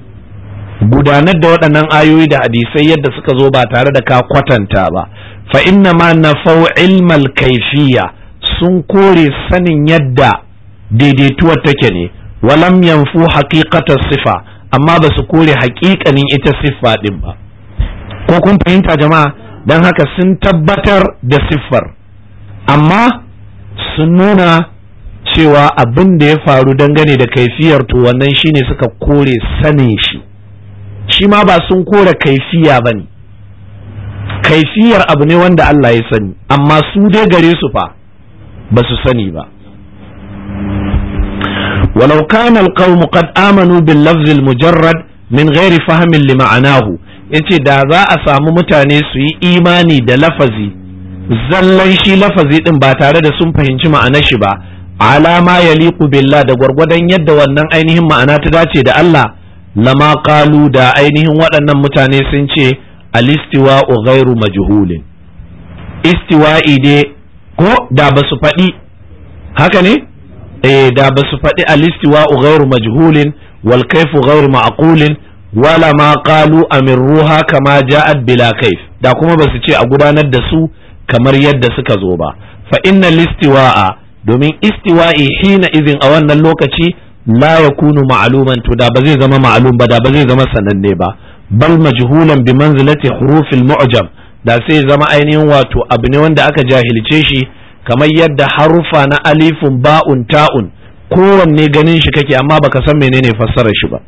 gudanar da waɗannan ayoyi da hadisai yadda suka zo ba tare da ka kwatanta ba fa inna ma nafau ilmal kaifiya sun kore sanin yadda daidaituwar take ne walam yanfu haqiqatas sifa amma ba su kore haƙiƙanin ita siffa ɗin ba ko kun fahimta jama'a don haka sun tabbatar da siffar amma sun nuna cewa abin da ya faru dangane da kaifiyar to wannan shine suka kore sanin shi shi ma ba sun kora kaifiya ba ne kaifiyar abu ne wanda Allah ya sani amma su dai gare su fa ba su sani ba ولو كان القوم Amanu آمنوا باللفظ المجرد min gairi فهم لمعناه yace da za a samu mutane su yi imani da lafazi zallan shi lafazi din ba tare da sun fahimci ma'anar shi ba alama ya liku billah da gwargwadon yadda wannan ainihin ma'ana ta dace da Allah lama qalu da ainihin waɗannan mutane sun ce alistiwa'u ghairu majhulin istiwa'i dai ko da ba su faɗi haka ne eh da ba su faɗi alistiwa'u ghairu majhulin wal kaifu ghairu ma'qulin wala ma qalu ruha kama ja'at bila kaif. da kuma ba su ce a gudanar da su kamar yadda suka zo ba fa inna listiwa'a domin istiwa'i hina izin a wannan lokaci la yakunu ma'luman to da ba zai zama ma'lum ba da ba zai zama sananne ba bal majhulan bi manzilati hurufil mu'jam da sai zama ainihin wato abu ne wanda aka jahilce shi kamar yadda harufa na alifun ba'un ta'un kowanne ganin shi kake amma baka san menene fassarar shi ba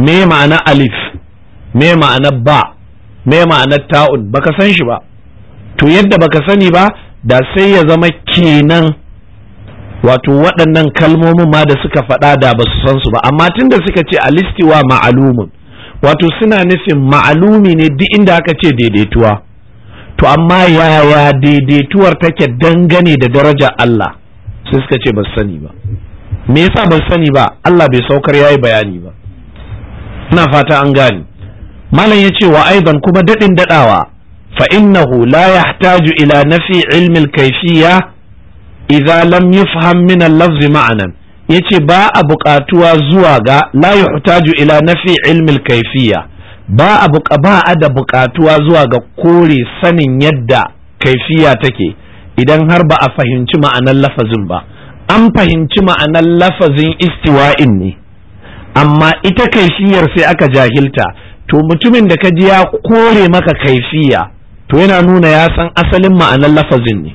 me ma'ana alif me ma'ana ba me ma'ana ta'un baka san shi ba to yadda baka sani ba da sai ya zama kenan wato waɗannan kalmomin ma da suka faɗa da ba su san su ba amma tun da suka ce alistiwa ma'alumun wato suna nufin ma'alumi ne duk inda aka ce daidaituwa to amma yaya daidaituwar take dangane da daraja Allah sai suka ce ba sani ba me yasa ba su sani ba Allah bai saukar yayi bayani ba ina fata an gane malam yace wa aidan kuma dadin dadawa fa innahu la yahtaju ila nafi ilmi al idza lam yufham min al-lafzi ma'anan yace ba a buƙatuwa zuwa ga la yuhtaju ila nafi ilmi al-kayfiyya ba a ba a da buƙatuwa zuwa ga kore sanin yadda kaifiya take idan har ba a fahimci ma'anar lafazin ba an fahimci ma'anar lafazin istiwa'in ne amma ita kaifiyar sai aka jahilta to mutumin da ka ji ya kore maka kaifiya to yana nuna ya san asalin ma'anar lafazin ne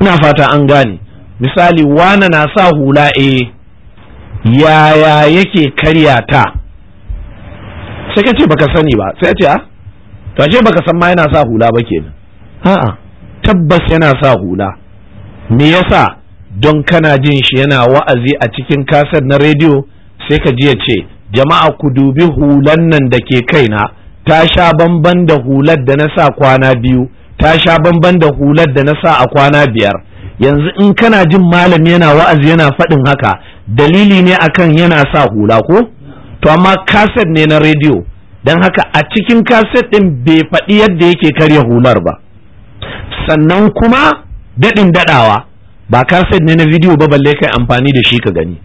ina fata an gane misali wana na sa hula eh yaya yake karya ta sai ka ce baka sani ba sai ce a ah, to ashe baka san ma yana sa hula ba kenan a'a tabbas yana sa hula me yasa don kana jin shi yana wa'azi a cikin kasar na rediyo sai ka jiya ce jama'a ku dubi hulan nan da ke kaina ta sha bamban da hular da na sa kwana biyu ta sha bamban da hular da na sa a kwana biyar yanzu in kana jin malam yana wa'azi yana faɗin haka dalili ne akan yana sa hula ko to amma kaset ne na rediyo don haka a cikin kaset ɗin bai faɗi yadda yake karya hular ba sannan kuma daɗin daɗawa ba kaset ne na bidiyo ba balle kai amfani da shi ka gani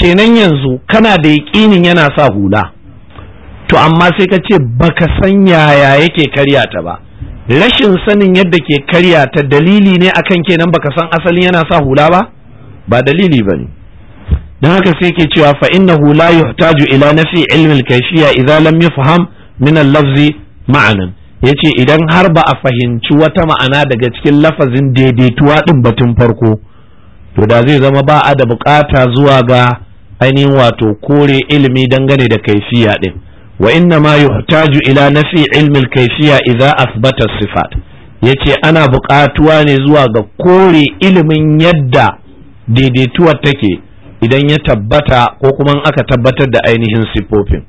kenan yanzu kana da yaƙinin yana sa hula to amma sai ka ce baka san yaya yake karya ta ba rashin sanin yadda ke karya ta dalili ne akan kenan baka san asalin yana sa hula ba ba dalili bane dan haka sai yake cewa fa innahu la yuhtaju ila nafi ilmi al-kayfiyya idza lam yafham min al-lafzi ma'anan yace idan har ba a fahimci wata ma'ana daga cikin lafazin daidaituwa din batun farko to da zai zama ba a da bukata zuwa ga ainihin wato kore ilimi dangane da kaifiya din wa inna ma yuhtaju ila nafi ilmi kaifiya idza athbata sifat yace ana buƙatuwa ne zuwa ga kore ilimin yadda daidaituwa take idan ya tabbata ko kuma aka tabbatar da ainihin sifofin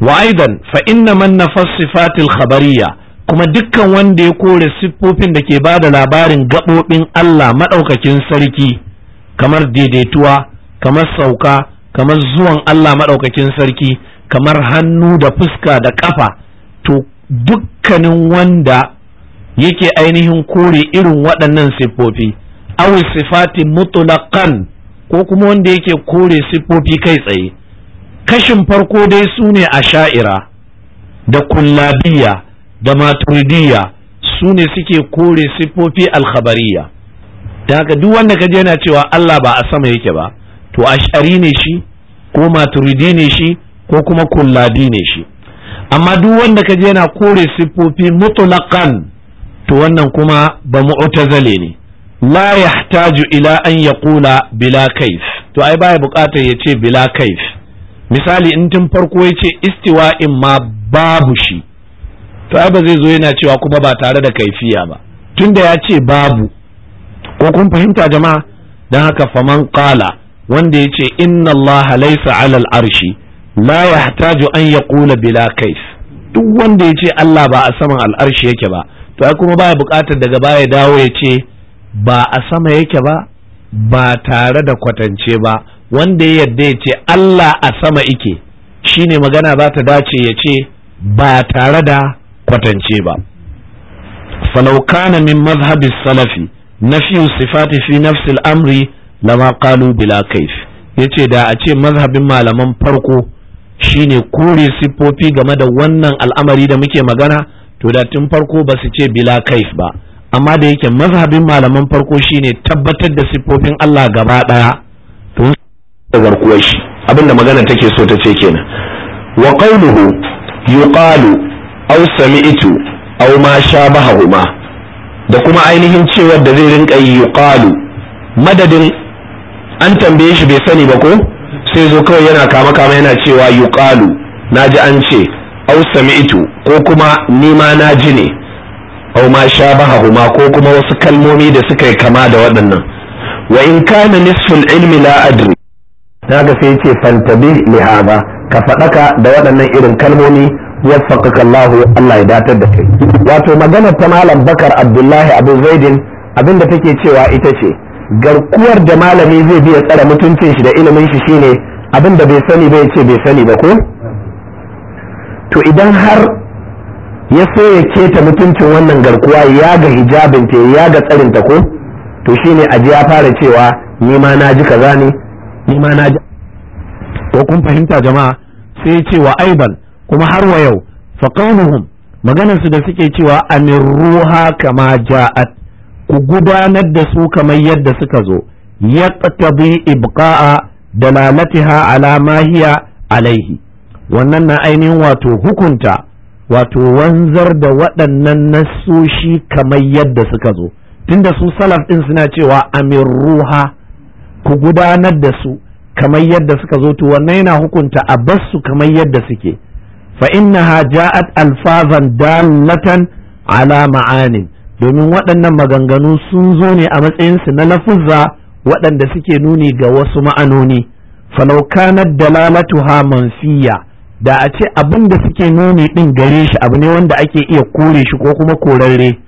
wa aidan fa inna man nafas sifatil khabariya kuma dukkan wanda ya kore siffofin da ke ba da labarin gabobin Allah maɗaukakin sarki kamar daidaituwa kamar sauka kamar zuwan Allah maɗaukakin sarki kamar hannu da fuska da ƙafa to dukkanin wanda yake ainihin kore irin waɗannan siffofi awi sifati mutulakan ko kuma wanda yake kore siffofi kai tsaye kashin farko dai su ne a sha'ira da kullabiya da maturidiya su ne suke kore siffofi alkhabariya da haka duk wanda kaje yana cewa Allah ba a sama yake ba to ash'ari ne shi ko maturidi ne shi ko kuma kulladi ne shi amma duk wanda kaje yana kore siffofi mutlaqan to wannan kuma ba mu'tazali ne la yahtaju ila an yaqula bila kaif to ai baya bukatar ya ce bila kaif misali in tun farko yace ce istiwa'in ma babu shi to ai ba zai zo yana cewa kuma ba tare da kaifiya ba tunda ya ce babu ko kun fahimta jama'a don haka faman qala wanda ya ce inna Allaha laysa alal arshi la yahtaju an yaqula bila kais duk wanda yace Allah ba a saman al'arshi yake ba to ai kuma baya bukatar daga baya dawo yace ba a sama yake ba ba tare da kwatance ba wanda ya yarda yace Allah a sama yake shine magana za ta dace yace ba tare da kwatance ba falau kana min mazhabi salafi nafi sifati fi nafsil amri lama qalu bila kaif yace da a ce mazhabin malaman farko Shi ne kure siffofi game da wannan al'amari da muke magana to da tun farko ba su ce bila kaif ba amma da yake mazhabin malaman farko shi ne tabbatar da siffofin Allah gaba daya to da garkuwar shi abinda magana take so ta ce kenan wa qawluhu yuqalu aw sami'tu aw ma shabahuma da kuma ainihin cewa da zai rinka yi yuqalu madadin an tambaye shi bai sani ba ko sai zo kawai yana kama kama yana cewa yuqalu naji an ce au sami'tu ko kuma nima na ji ne au ma huma ko kuma wasu kalmomi da suka yi kama da waɗannan wa in kana nisful ilmi la adri naga sai yace fantabi li hada ka faɗaka da waɗannan irin kalmomi waffaqaka Allah Allah ya datar da kai wato maganar ta malam Bakar Abdullahi Abu Zaidin abinda take cewa ita ce garkuwar da malami zai bi ya tsara mutuncin shi da ilimin shi shine abin da bai sani bai ce bai sani ba ko to idan har ya so ya keta mutuncin wannan garkuwa ya ga hijabin ta ya ga tsarin ta ko to shine ji ya fara cewa ni ma na ji kaza ne ni ma na ji ko kun fahimta jama'a sai ya ce wa aiban kuma har wa yau fa maganar su da suke cewa anirruha kama ja'at ku gudanar da su kamar yadda suka zo yaqtabi ibqa'a lalatiha ala ma alaihi wannan na ainihin wato hukunta wato wanzar da waɗannan nasoshi kamar yadda suka zo tunda su salaf ɗin suna cewa amin ruha ku gudanar da su kamar yadda suka zo to wannan yana hukunta a bassu kamar yadda suke fa innaha ja'at alfazan dalatan ala ma'anin domin waɗannan maganganu sun zo ne a matsayinsu na lafuzza waɗanda suke nuni ga wasu ma'anoni falaukanar ha mansiya da a ce abin da suke nuni ɗin gare shi abu ne wanda ake iya kore shi ko kuma korarre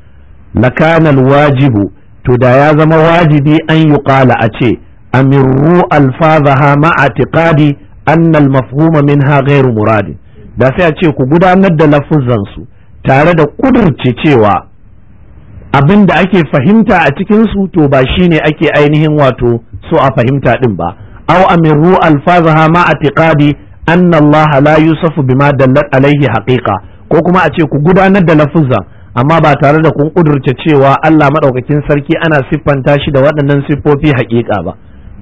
lakanal wajibu to da ya zama wajibi an yi ƙala a ce amirru alfazaha ma'atiqadi annal mafhuma min ghairu muradin da sai a ce ku gudanar da lafuzansu tare da kudurce cewa abin da ake fahimta a cikinsu to ba shi ne ake ainihin wato so a fahimta din ba aw amiru alfazaha ma atiqadi anna allaha la yusafu bima dallat alaihi haqiqa ko kuma a ce ku gudanar da lafuzan amma ba tare da kun kudurce cewa Allah madaukakin sarki ana siffanta shi da waɗannan siffofi haƙiƙa ba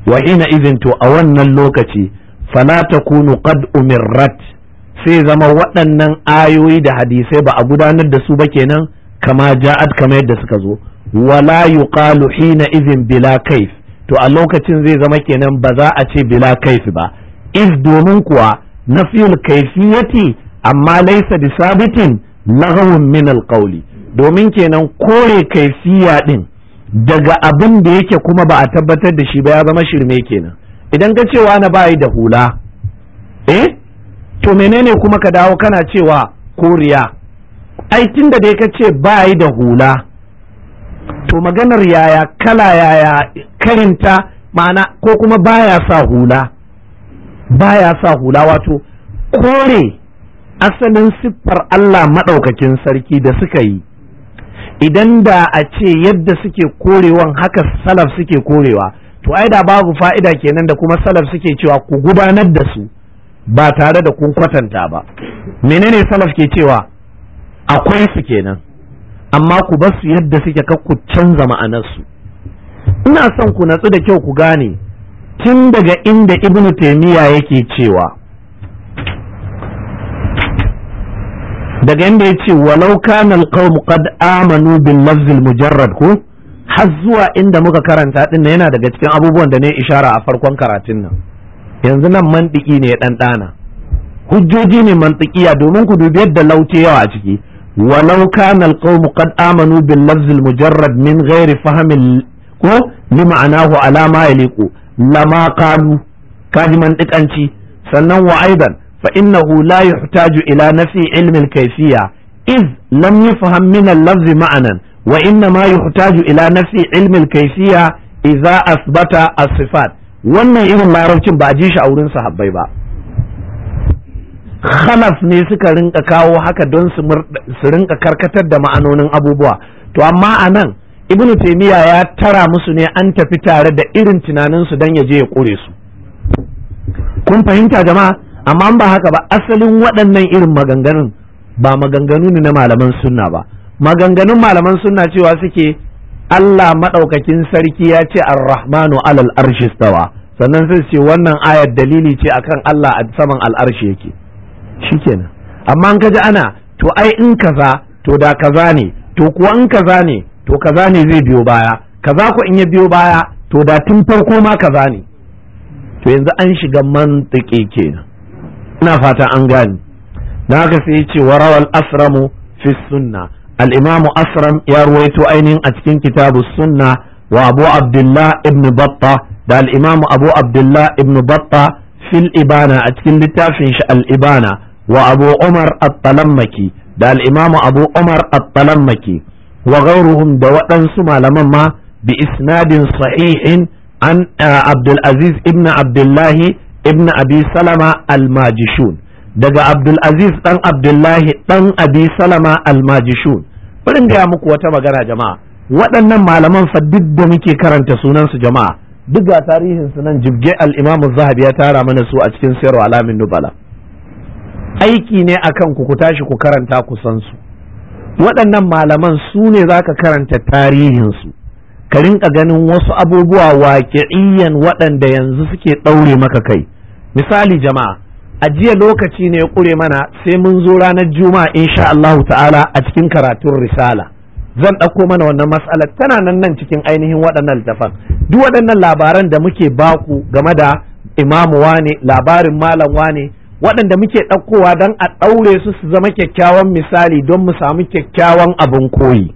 wa ina izin to a wannan lokaci fala takunu qad umirrat sai zama waɗannan ayoyi da hadisai ba a gudanar da su ba kenan kama ja'at kama yadda suka zo wala yuqalu hina izin bila kaif to a lokacin zai zama kenan ba za a ce bila kaif ba iz domin kuwa nafiyul kaifiyati amma laysa na lahawun min alqawli domin kenan kore kaifiya din daga abin da yake kuma ba a tabbatar da shi ba ya zama shirme kenan idan ka cewa na bayi da hula eh to menene kuma ka dawo kana cewa koriya ai tunda dai ka ce ba yi da hula to maganar yaya kala yaya karinta ma'ana ko kuma baya sa hula baya sa hula wato kore asalin siffar Allah maɗaukakin sarki da suka yi idan da a ce yadda suke korewan haka salaf suke korewa to ai da babu fa'ida kenan da kuma salaf suke cewa ku gubanar da su ba tare da kun kwatanta ba menene salaf ke cewa akwai su kenan amma ku bar su yadda suke ka ku canza ma'anarsu ina son ku natsu da kyau ku gane tun daga inda ibnu taimiyya yake cewa daga inda ya ce walau kana alqawm qad amanu bil al mujarrad ko har zuwa inda muka karanta din yana daga cikin abubuwan da ne ishara a farkon karatun nan yanzu nan mantiki ne ya ɗanɗana hujjoji ne mantikiya domin ku dubi yadda laute yawa a ciki ولو كان القوم قد آمنوا باللفظ المجرد من غير فهم لمعناه على ما يليق لما قالوا كاد من أنتي sannan wa aidan fa innahu la yuhtaju ila nafi ilmi al-kayfiyya iz lam yufham min al-lafz wa inna ma yuhtaju ila nafi ilmi al-kayfiyya idza asbata as-sifat wannan irin larabcin ba a ji shi a wurin sahabbai ba khalaf ne suka rinka kawo haka don su rinka karkatar da ma'anonin abubuwa to amma a nan ibnu taimiyya ya tara musu ne an tafi tare da irin tunaninsu don ya je ya kore su kun fahimta jama'a amma ba haka ba asalin waɗannan irin maganganun ba maganganu ne na malaman sunna ba maganganun malaman sunna cewa suke Allah maɗaukakin sarki ya ce ar-rahmanu alal arshi stawa sannan sai ce wannan ayar dalili ce akan Allah a saman al'arshi yake kenan amma an kaji ana to ai in kaza to da kaza ne to kuwa in kaza ne to kaza ne zai biyo baya kaza ko in ya biyo baya to da tun farko ma kaza ne to yanzu an shiga mantiki kenan ina fata an gane Na haka sai ya warawal asramu fi sunna al-imamu asram ya ruwaito ainihin a cikin kitabu sunna wa abu abdullah ibn batta da al-imamu abu abdullah ibn batta fil ibana a cikin littafin shi al-ibana wa abu umar at da al-imamu abu umar at-talammaki wa ghayruhum da waɗansu malaman ma bi isnadin sahihin an abdul aziz ibn abdullahi ibn abi salama al-majishun daga abdul aziz dan abdullahi dan abi salama al-majishun bari ga muku wata magana jama'a waɗannan malaman fa duk da muke karanta sunansu jama'a duk ga tarihin nan jibge al-imam zahabi ya tara mana su a cikin sayarwa alamin nubala aiki ne akan ku ku tashi ku karanta ku san su waɗannan malaman su ne za ka karanta tarihinsu ka rinka ganin wasu abubuwa waƙi'iyan waɗanda yanzu suke ɗaure maka kai misali jama'a a jiya lokaci ne ya ƙure mana sai mun zo ranar juma'a insha Allah ta'ala a cikin karatun risala zan ɗauko mana wannan matsalar tana nan nan cikin ainihin waɗannan littafan duk waɗannan labaran da muke baku game da imamu ne labarin malam wane waɗanda muke ɗaukowa don a ɗaure su su zama kyakkyawan misali don mu samu kyakkyawan abin koyi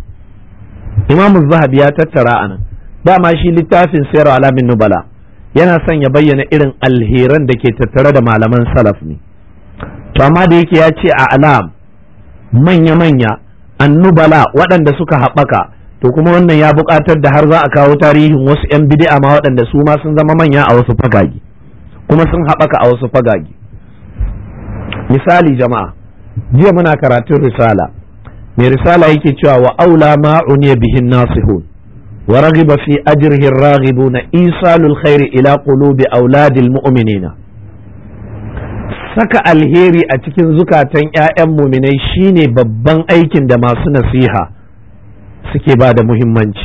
imamu zahabi ya tattara a nan ma shi littafin sayar alamin nubala yana son ya bayyana irin alheran da ke tattare da malaman salaf ne to amma da yake ya ce a alam manya-manya annubala waɗanda suka haɓaka to kuma wannan ya buƙatar da har za a kawo tarihin wasu 'yan bidi'a ma waɗanda su ma sun zama manya a wasu fagage kuma sun haɓaka a wasu fagage misali jama'a jiya muna karatun risala mai risala yake cewa wa aula ma uniya bihin nasihun wa raghiba fi ajrihi raghibuna isalul khairi ila qulubi auladil mu'minina saka alheri a cikin zukatan 'ya'yan muminai shine babban aikin da masu nasiha suke ba da muhimmanci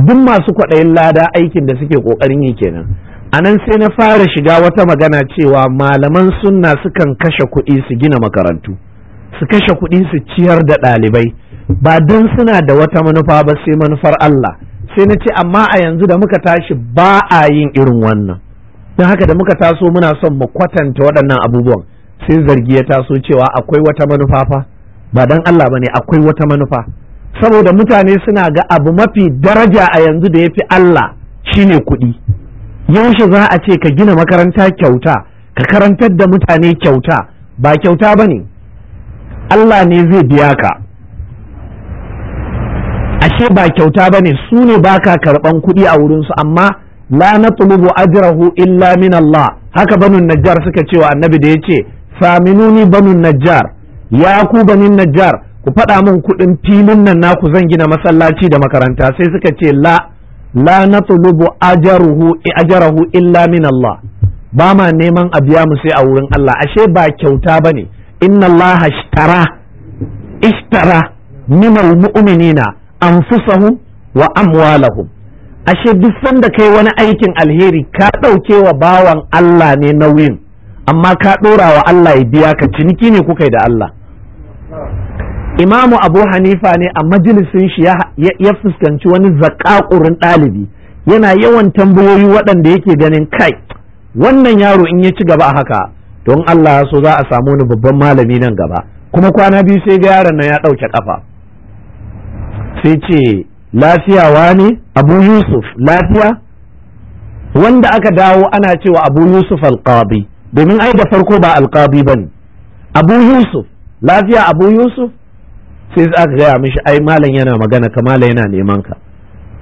duk masu kwaɗayin lada aikin da suke ƙoƙarin yi kenan a nan sai na fara shiga wata magana cewa malaman sunna sukan kashe kuɗi su gina makarantu su kashe kuɗi su ciyar da ɗalibai ba don suna da wata manufa ba sai manufar Allah sai na ce amma a yanzu da muka tashi ba a yin irin wannan don haka da muka taso muna son mu kwatanta waɗannan abubuwan sai zargi ya taso cewa akwai wata manufa fa ba don Allah ba ne akwai wata manufa saboda mutane suna ga abu mafi daraja a yanzu da ya fi Allah shine kuɗi yaushe za a ce ka gina makaranta kyauta ka karantar da mutane kyauta ba kyauta ba ne Allah ne zai biya ka ashe ba kyauta ba ne su ne ba ka karɓan kuɗi a wurinsu amma la na natlubu ajrahu illa min Allah haka banun najjar suka cewa annabi da ya ce saminuni banun najjar ya ku banin najjar ku faɗa min kuɗin filin nan naku zan gina masallaci da makaranta sai suka ce la la natlubu ajruhu ajaruhu illa min Allah ba ma neman a biya mu sai a wurin Allah ashe ba kyauta bane inna Allah ishtara ishtara min almu'minina anfusahum wa amwalahum ashe duk sanda kai wani aikin alheri ka ɗauke wa bawan Allah ne nauyin amma ka ɗora wa Allah ya biya ka ciniki ne kuka da Allah imamu abu hanifa ne a majalisin shi ya fuskanci wani zakakurin ɗalibi yana yawan tambayoyi waɗanda yake ganin kai wannan yaro in ya ci gaba a haka don Allah so za a samu wani babban malami nan gaba kuma kwana biyu sai ga yaron nan ya ɗauke ƙafa. sai ce lafiyawa ne abu yusuf lafiya wanda aka dawo ana cewa abu yusuf alƙabi domin ai da farko ba ba ne. abu yusuf lafiya abu yusuf sai za ka gaya mishi ai malam yana magana kamala yana neman ka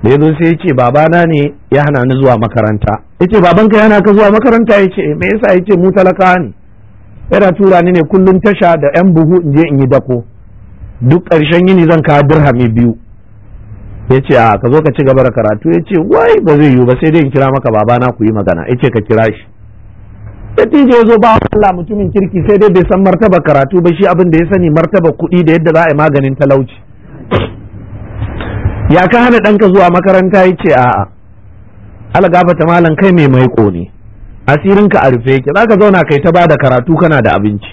da yazo sai yace babana ne ya hana ni zuwa makaranta yace babanka yana ka zuwa makaranta yace eh, me yasa yace mu talakawa ne yana tura ni ne kullum tasha da yan buhu in je in yi dako duk ƙarshen yini zan kawo dirhami biyu yace a ka zo ka ci gaba da karatu yace wai ba zai yiwu ba sai dai in kira maka babana ku yi magana yace ka kira shi dattijo ya zo ba Allah mutumin kirki sai dai bai san martaba karatu ba shi abin da ya sani martaba kuɗi da yadda za a yi maganin talauci ya ka hana ɗanka zuwa makaranta ya ce a'a algaba malam kai mai maiko ne asirinka a rufe yake ka zauna kai ta bada karatu kana da abinci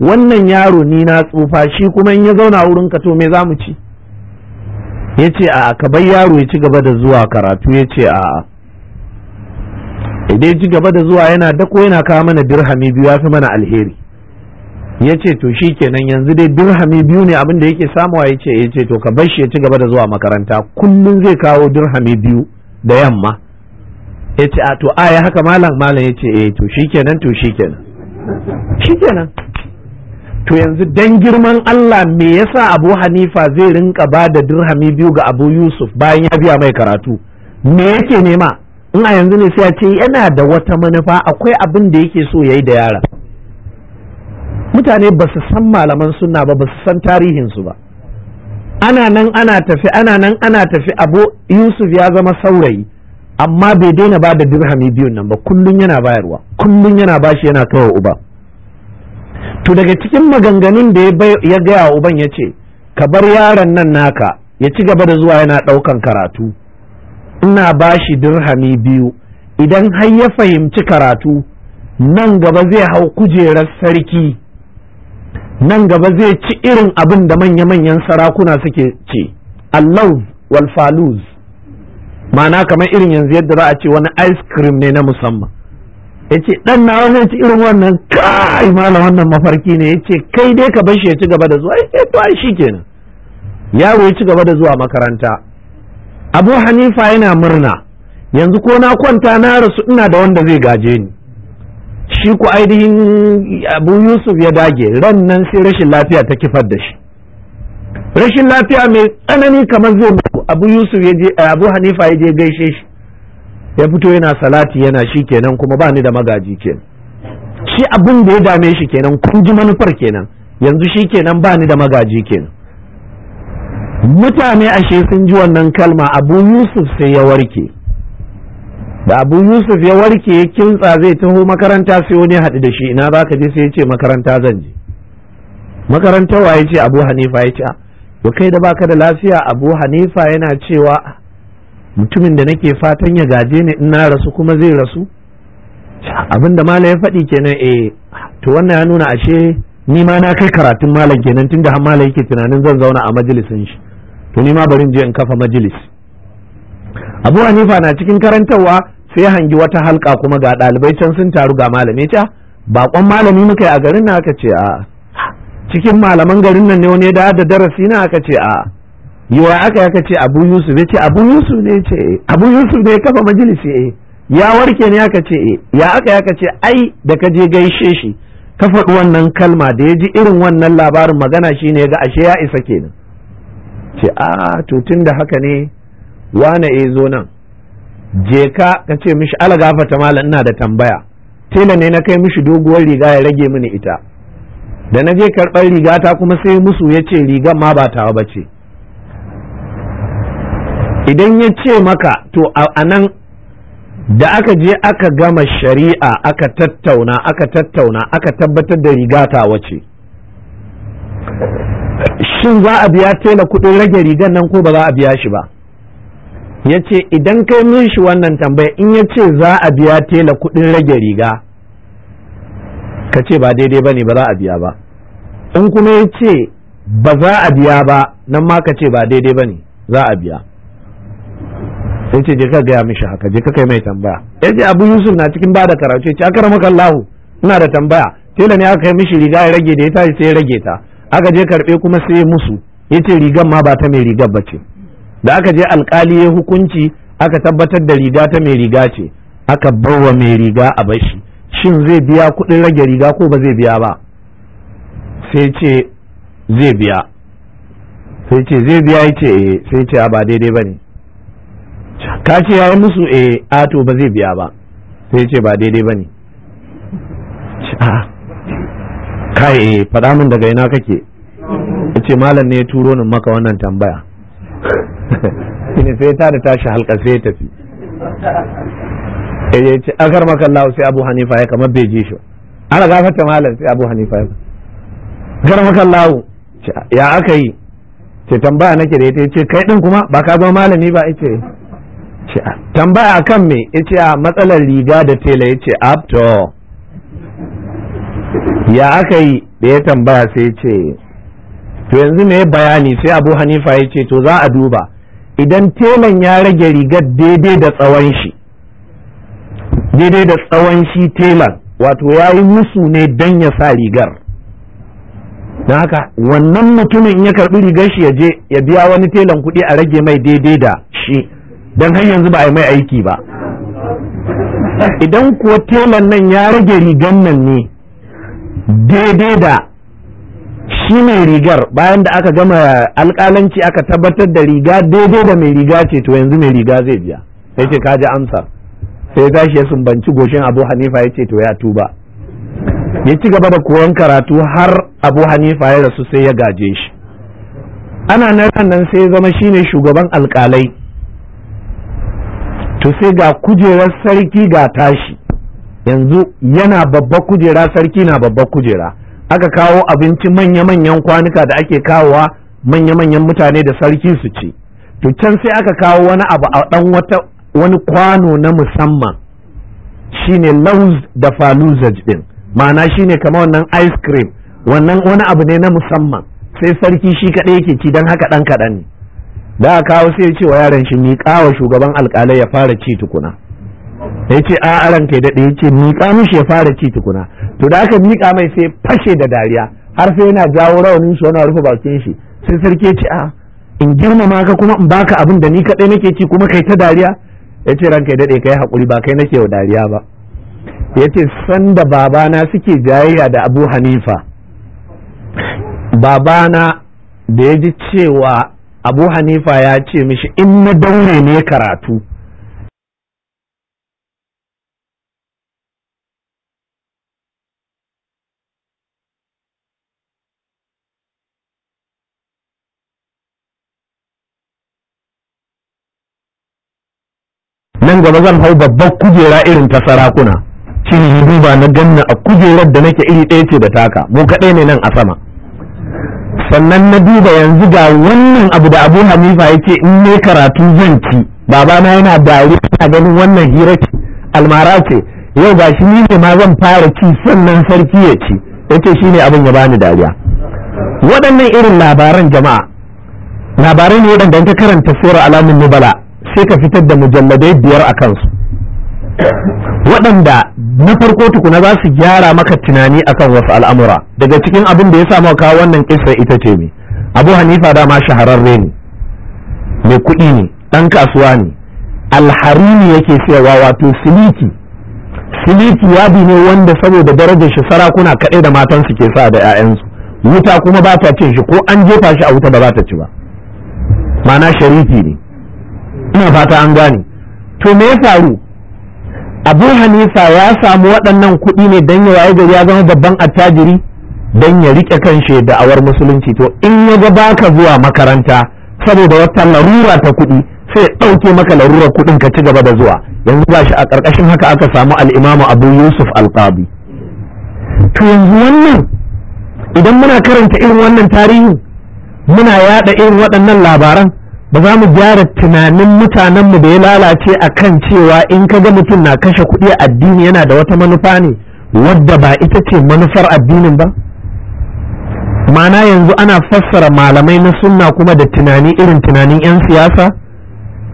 wannan yaro ni na tsufa shi kuma in ya zauna wurin ka to me za mu ci ya ce a'a ka bar yaro ya ci gaba da zuwa karatu ya ce a'a idan ji gaba da zuwa yana dako yana kawo mana dirhami biyu ya fi mana alheri ya ce to shi yanzu dai dirhami biyu ne abin da yake samuwa ya ce to ka bar shi ya ci gaba da zuwa makaranta kullum zai kawo dirhami biyu da yamma ya ce a to a haka malam malam ya ce eh, to shi to shi kenan to yanzu dan girman Allah me yasa Abu Hanifa zai rinka ba da dirhami biyu ga Abu Yusuf bayan ya biya mai karatu me yake nema in a yanzu ne sai ya ce yana da wata manufa akwai abin da yake so ya yi da yara mutane ba su san malaman suna ba ba su san tarihinsu ba ana nan ana tafi ana nan ana tafi abu yusuf ya zama saurayi amma bai daina ba da dirhami biyun nan ba kullum yana bayarwa kullum yana bashi yana kawo uba to daga cikin maganganun da ya gaya uban ya ce ka bar yaron nan naka ya ci gaba da zuwa yana ɗaukan karatu ina ba shi dirhami biyu idan har ya fahimci karatu nan gaba zai hau kujerar sarki nan gaba zai ci irin abin da manya-manyan sarakuna suke ce allon wal faluz ma'ana kamar irin yanzu yadda za a ce wani ice cream ne na musamman ya ce ɗan na zai ci irin wannan kai malam wannan mafarki ne ya ce kai dai ka bar ya ci gaba da zuwa ya ce to ai shi kenan yaro ya ci gaba da zuwa makaranta abu hanifa yana murna yanzu ko na kwanta na rasu ina da wanda zai gaje ni shi ku ainihin abu yusuf ya dage ran nan sai rashin lafiya ta kifar da shi rashin lafiya mai tsanani kamar zai mutu abu yusuf ya je abu hanifa ya je gaishe shi ya fito yana salati yana shi kenan kuma ba ni da magaji kenan shi abin da ya dame shi kenan kun ji manufar kenan yanzu shi kenan ba ni da magaji kenan mutane ashe sun ji wannan kalma abu yusuf sai ya warke da abu yusuf ya warke ya kintsa zai taho makaranta sai wani haɗu da shi ina za ka je sai ya ce makaranta zan je makaranta wa ya ce abu hanifa ya ce ba ah, kai da baka da lafiya abu hanifa yana cewa mutumin da nake fatan ya gaje ni ina rasu kuma zai rasu abin da mala ya faɗi kenan eh to wannan ya nuna ashe ni ma na kai karatun malam kenan tunda har malam yake tunanin zan zauna a majalisin shi to ni ma bari in je in kafa majalis abu hanifa na cikin karantarwa sai hangi wata halka kuma ga ɗalibai can sun taru ga malami ta ah, bakon malami muka yi a garin na aka ce a ah, cikin malaman garin nan ne wani da da darasi na aka ce a ah, yiwa aka aka ce abu yusuf ya ce abu yusuf ne ce eh, abu yusuf ne kafa majalis eh ya warke ne aka ce eh, ya aka aka ce ai da ka je gaishe shi ka faɗi wannan kalma da ya ji irin wannan labarin magana shine ya ga ashe ya isa kenan ce a to da haka ne wane ya eh, zo nan je ka ka ce mishi gafa ta mala ina da tambaya tela ne na kai mishi doguwar riga ya rage mini ita da na je karɓar riga ta kuma sai musu ya ce rigan ma ba ta ba ce idan ya ce maka to a nan da aka je aka gama shari'a aka tattauna aka tattauna aka tabbatar da riga ta wace shin za a biya tela kuɗin rage rigan nan ko ba za a biya shi ba ya ce idan kai min shi wannan tambaya in ya ce za a biya tela kuɗin rage riga ka ce ba daidai ba ne ba za a biya ba in kuma ya ce ba za a biya ba nan ma ka ce ba daidai ba ne za a biya sai ce je ka gaya mishi haka je ka kai mai tambaya ya ce abu yusuf na cikin ba da karatu ya ce akara maka lahu ina da tambaya tela ne aka kai mishi riga ya rage da ya tashi sai ya rage ta aka je karɓe kuma sai musu ya ce rigar ma ba ta mai rigar ba ce da aka je alkali ya hukunci aka tabbatar da riga ta mai riga ce aka wa mai riga a bashi shin zai biya kuɗin rage riga ko ba zai biya ba sai ce zai biya sai ce zai biya ya ce eh sai ce ba daidai ba ne ka ce ya yi musu eh ato ba zai biya ba sai ce ba daidai ba ne kai eh, faɗa min daga ina kake ce malam ne ya turo ni maka wannan tambaya ne sai ta da tashi halka sai ya tafi eh, ya ce akar maka Allah sai Abu Hanifa ya kamar bai ji shi ana gafarta malam sai Abu Hanifa ya akar maka Allah ya aka yi ce tambaya nake da ita ce kai din kuma ba ka zama malami ba yace ce tambaya akan me yace a matsalar riga da tela yace abto ya aka yi da ya tambaya sai ce to yanzu me bayani sai abu hanifa ya ce to za a duba idan telan ya rage rigar daidai da tsawon shi daidai da tsawon shi telan wato ya yi musu ne don ya sa rigar don haka wannan mutumin ya karbi rigar shi ya je ya biya wani telan kuɗi a rage mai daidai da shi don har yanzu ba a yi mai aiki ba idan kuwa telan nan ya rage rigar nan ne daidai da shi mai rigar bayan da aka gama alkalanci aka tabbatar da riga daidai da mai riga ce to yanzu mai riga zai biya sai ce kaji amsar sai shi ya sumbanci goshin abu hanifa ya ce to ya tuba ya ci gaba da koyon karatu har abu hanifa ya rasu sai ya gaje shi ana nan nan sai ya zama shine shugaban alkalai to sai ga kujerar sarki ga tashi yanzu yana babbar kujera sarki na babbar kujera aka kawo abinci manya-manyan kwanuka da ake kawowa manya-manyan mutane da sarki su ci to can sai aka kawo wani abu a dan wata wani kwano na musamman shine lauz da faluzaj din ma'ana shine kamar wannan ice cream wannan wani abu ne na musamman sai sarki shi kaɗai yake ci don haka ɗan kaɗan ne da kawo sai ya ce wa yaran shi miƙa wa shugaban alƙalai ya fara ci tukuna ya ce a aran kai daɗe ya ce miƙa mishi ya fara ci tukuna to da aka miƙa mai sai fashe da dariya har sai yana jawo rawanin shi wani rufe bakin shi sai sarki ya ce a in girmama ka kuma in baka abin da ni kaɗai nake ci kuma kai ta dariya ya ce ranka ya daɗe kai hakuri ba kai nake wa dariya ba ya ce sanda babana suke jayayya da abu hanifa babana da ya ji cewa abu hanifa ya ce mishi in na daure ne karatu nan gaba zan hau babbar kujera irin ta sarakuna shi ne duba na ganna a kujerar da nake iri ɗaya ce da taka mu kaɗai ne nan a sama sannan na duba yanzu ga wannan abu da abu ya ce, in ne karatu zan ci babana yana dare ina ganin wannan hira ce almara ce yau ba shi ni ne ma zan fara ci sannan sarki ya ci yace shi ne abin ya bani dariya waɗannan irin labaran jama'a labarai ne waɗanda ka karanta sura alamun nubala sai ka fitar da mujalladai biyar a kansu waɗanda na farko tukuna za su gyara maka tunani akan wasu al'amura daga cikin abin da ya samu kawo wannan kisa ita ce me abu hanifa dama shahararre ne mai kuɗi ne ɗan kasuwa ne alharini yake siyarwa wato siliki siliki yadi ne wanda saboda darajar shi sarakuna kaɗai da matansu ke sa da 'ya'yansu wuta kuma ba ta cin shi ko an jefa shi a wuta ba za ta ci ba ma'ana shariki ne ina fata an gane to me ya faru abu hanifa ya samu waɗannan kuɗi ne don ya waye gari ya zama babban attajiri don ya riƙe kan shi da awar musulunci to in ya ga baka zuwa makaranta saboda wata larura ta kuɗi sai ɗauke maka larurar kuɗin ka ci gaba da zuwa yanzu ba shi a ƙarƙashin haka aka samu al'imamu abu yusuf alƙabi to yanzu wannan idan muna karanta irin wannan tarihin muna yaɗa irin waɗannan labaran ba za mu gyara tunanin mutanenmu da ya lalace a kan cewa in ka ga mutum na kashe kuɗi addini yana da wata manufa ne wadda ba ita ce manufar addinin ba mana yanzu ana fassara malamai na sunna kuma da tunani irin tunanin 'yan siyasa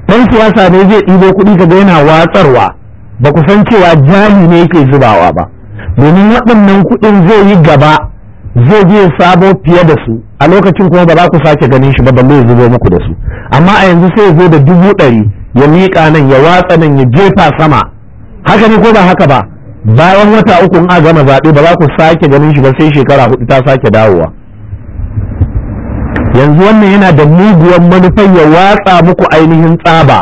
ɗan siyasa ne zai ɗibo kuɗi kaga yana watsarwa ba ku san cewa jami ne yake zubawa ba domin waɗannan kuɗin zai yi gaba zai je sabo fiye da su a lokacin kuma ba za ku sake ganin shi ba balle ya zubo muku da su amma a yanzu sai ya zo da dubu ɗari ya miƙa nan ya watsa nan ya jefa sama haka ne ko ba haka ba bayan wata uku in a gama zaɓe ba za ku sake ganin shi ba sai shekara hudu ta sake dawowa yanzu wannan yana da muguwan manufar ya watsa muku ainihin tsaba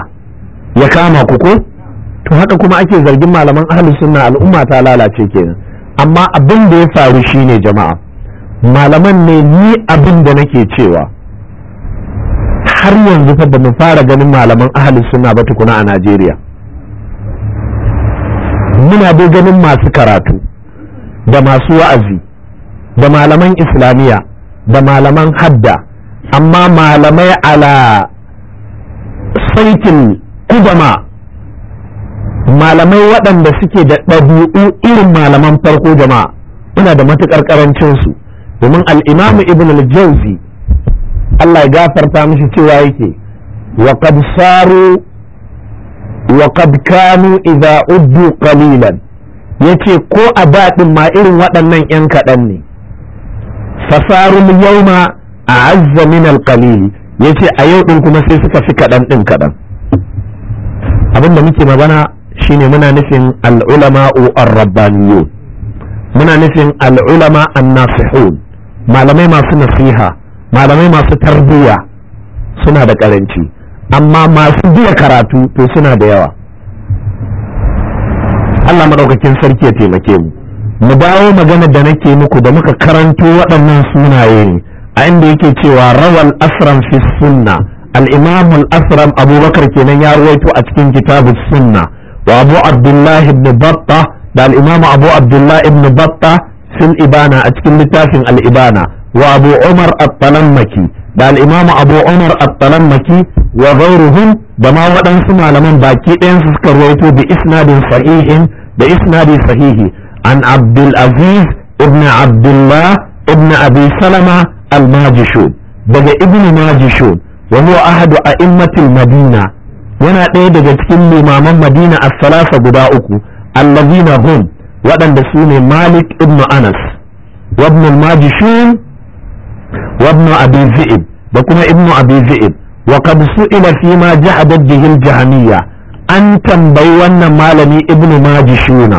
ya kama ku ko to haka kuma ake zargin malaman ahlus sunna al'umma ta lalace kenan amma abin da ya faru shine jama'a malaman ne ni abin da nake cewa har yanzu fa ba mu fara ganin malaman ahalin suna ba tukuna a najeriya muna dai ganin masu karatu da masu wa'azi da malaman Islamiya, da malaman hadda amma malamai ala saikin kubama malamai waɗanda suke da ɗabi'u irin malaman farko jama'a ina da matuƙar ƙarancinsu domin al'imamu ibn al-jawzi Allah ya gafarta mishi cewa yake wa saru wa kanu idza uddu qalilan yace ko a dadin ma irin waɗannan yan kaɗan ne fasarul yawma a'azza min al-qalil yace a yau din kuma sai suka fi kaɗan din kaɗan abinda da muke magana shine muna nufin al-ulama'u ar rabbaniyyun muna nufin al-ulama an-nasihun malamai masu nasiha malamai masu tarbiyya suna da karanci amma masu biya karatu to suna da yawa Allah madaukakin sarki ya taimake mu mu dawo magana da nake muku da muka karanto waɗannan sunaye ne a inda yake cewa rawal asram fi sunna al-imam al-asram abubakar kenan ya ruwaito a cikin kitabus sunna wa abu abdullah ibn batta da al-imam abu abdullah ibn batta fil ibana a cikin littafin al wa abu umar at-talammaki da al abu umar at-talammaki wa ghayruhum da ma waɗansu malaman baki ɗayan su suka rawaito bi isnadin sahihin da isnadi sahihi an abdul aziz ibn abdullah ibn abi salama al-majishun daga ibn majishu wa huwa ahadu a'immatil madina yana ɗaya daga cikin limaman madina as-salasa guda uku allazina hum waɗanda su ne Malik ibn Anas, wabn al-Majishun, wabn abi da kuma ibnu abi zi'ib wa qad su'ila fi ma ja'ada bihi al an tambayi wannan malami ibn Majishuna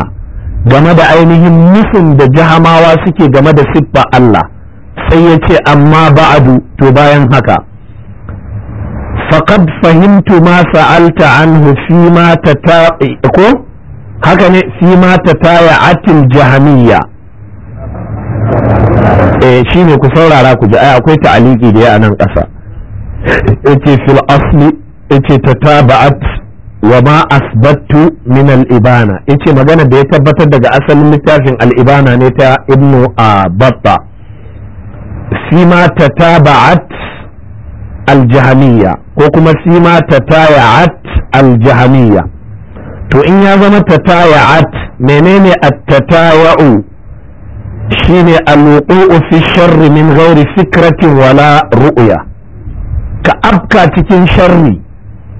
game da ainihin musun da jahamawa suke game da siffa Allah sai ya ce amma ba'adu to bayan haka faqad fahimtu ma sa'alta an fi ma tata'i ko haka ne fi ma ta taya atil jahamiyya eh shine ku saurara ku ji ai akwai ta'aliki da ya nan ƙasa yace fil asli yace tataba'at wa ma asbattu min al-ibana yace magana da ya tabbatar daga asalin littafin al-ibana ne ta ibnu abba sima tataba'at al jahamiyya ko kuma sima tataya'at al jahamiyya to in ya zama tataya'at menene at shine al-wuqu'u fi sharri min ghairi fikratin wala ru'ya ka afka cikin sharri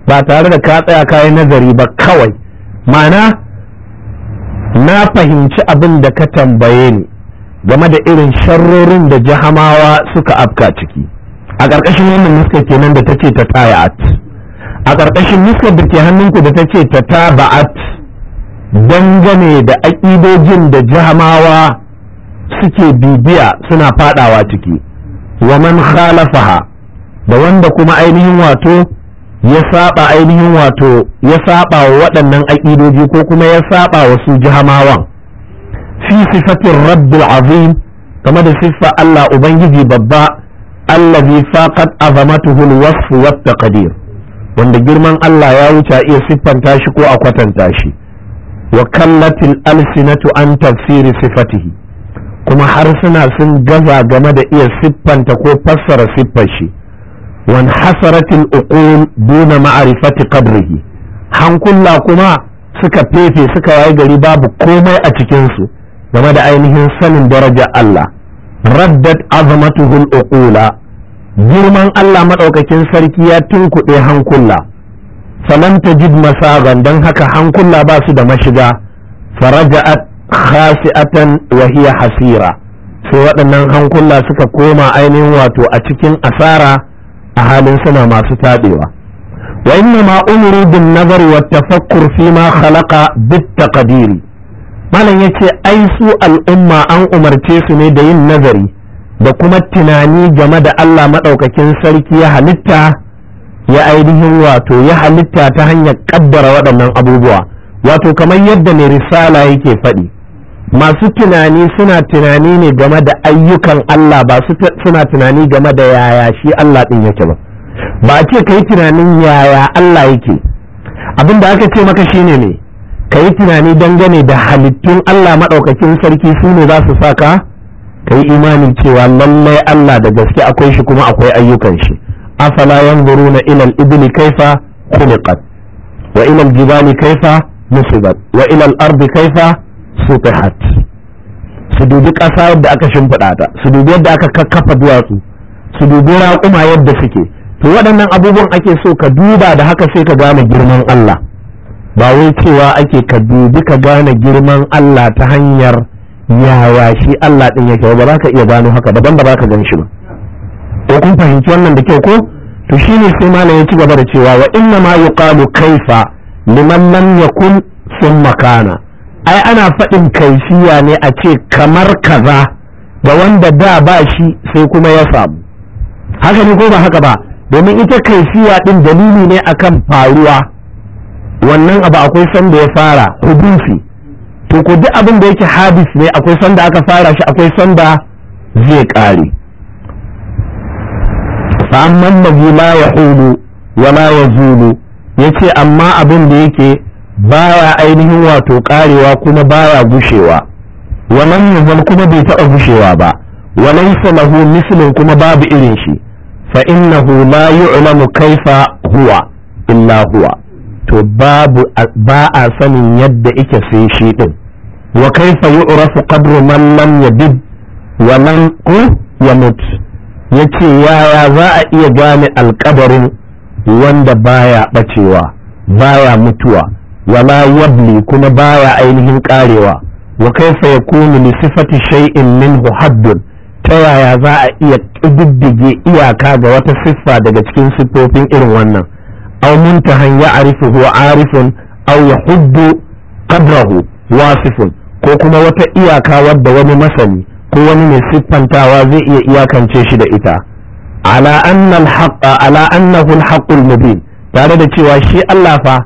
ba tare da ka tsaya kayan nazari ba kawai Mana na fahimci abin da ka tambaye ni game da irin sharrorin da jahamawa suka afka ciki a ƙarƙashin wannan nuska kenan da ta ce ta a ƙarƙashin nuskar da ke hannunku da ta ce ta taba'at dangane da aƙidojin da jahamawa suke bibiya suna fadawa ciki wa man khalafaha da wanda kuma ainihin wato ya saba ainihin wato ya saba wa waɗannan aƙidoji ko kuma ya saba wa su jahamawan fi sifatin rabbil azim kama da siffa Allah ubangiji babba allazi faqat azamatuhu alwasf wat taqdir wanda girman Allah ya wuce a iya siffanta shi ko a kwatanta shi wa kallatil alsinatu an tafsiri sifatihi kuma harsuna sun gaza game da iya siffanta ko fassara siffar shi wan hasaratil uqul duna ma'rifati qadrihi Hankulla kuma suka fefe suka wayi gari babu komai a cikin su game da ainihin sanin darajar Allah raddat azamatuhu al-uqula girman Allah maɗaukakin sarki ya tunkuɗe hankula ta jid masagan don haka hankula ba su da mashiga faraja'at khasi'atan wa hiya hasira sai waɗannan hankula suka koma ainihin wato a cikin asara a halin suna masu taɗewa wa inna ma umru bin nazar wa tafakkur fi ma khalaqa bit taqdiri malam yace ai su al'umma an umarce su ne da yin nazari da kuma tunani game da Allah maɗaukakin sarki ya halitta ya ainihin wato ya halitta ta hanyar ƙaddara waɗannan abubuwa wato kamar yadda mai risala yake faɗi masu tunani suna tunani ne game da ayyukan Allah ba suna tunani game da yaya shi Allah ɗin yake ba ba a ce ka yi tunanin yaya Allah yake abin da aka ce maka shine ne ka yi tunani dangane da halittun Allah maɗaukakin sarki su ne za su saka ka yi imanin cewa lallai Allah da gaske akwai shi kuma akwai ayyukan shi afala yanzuruna ila al-ibli kaifa khuliqat wa ila al-jibali kaifa nusibat wa ila al-ardi kaifa sutihat su dubi ƙasa yadda aka shimfiɗa ta su dubi yadda aka kakkafa duwatsu su dubi raƙuma yadda suke to waɗannan abubuwan ake so ka duba da haka sai ka gane girman Allah ba wai cewa ake ka dubi ka gane girman Allah ta hanyar yawa shi Allah ɗin yake ba za ka iya gano haka daban ba za ka gan shi ba ko kun fahimci wannan da kyau ko to shi ne sai malam ya ci gaba da cewa wa inna ma yuqalu kaifa liman lam yakun thumma kana ai ana faɗin kaifiya ne a ce kamar kaza ga wanda da ba shi sai kuma ya samu haka ne ko ba haka ba domin ita kaifiya din dalili ne akan faruwa wannan abu akwai sanda ya fara hudufi to ko duk abin da yake habis ne akwai sanda aka fara shi akwai sanda zai kare fa'amman ladhi la hulu wa la ya yace amma abin da yake baya ainihin wato karewa kuma baya gushewa walan yazal kuma bai taɓa gushewa ba walaysa lahu mislun kuma babu irin shi fa innahu la yu'lamu kaifa huwa illa huwa to babu ba a sanin yadda ike sai shi din wa kaifa yu'rafu qadru man lam yabid wa lam yamut yace yaya za a iya gane alkabarin wanda baya bacewa baya mutuwa wala yabli kuma baya ainihin karewa wa kaifa yakunu li sifati shay'in minhu haddun ta yaya za a iya ƙididdige iyaka ga wata siffa daga cikin siffofin irin wannan aw muntahan ya arifu huwa arifun aw yahuddu qadrahu wasifun ko kuma wata iyaka wadda wani masani ko wani mai siffantawa zai iya iyakance shi da ita ala annal haqqa ala annahu al mubin tare da cewa shi Allah fa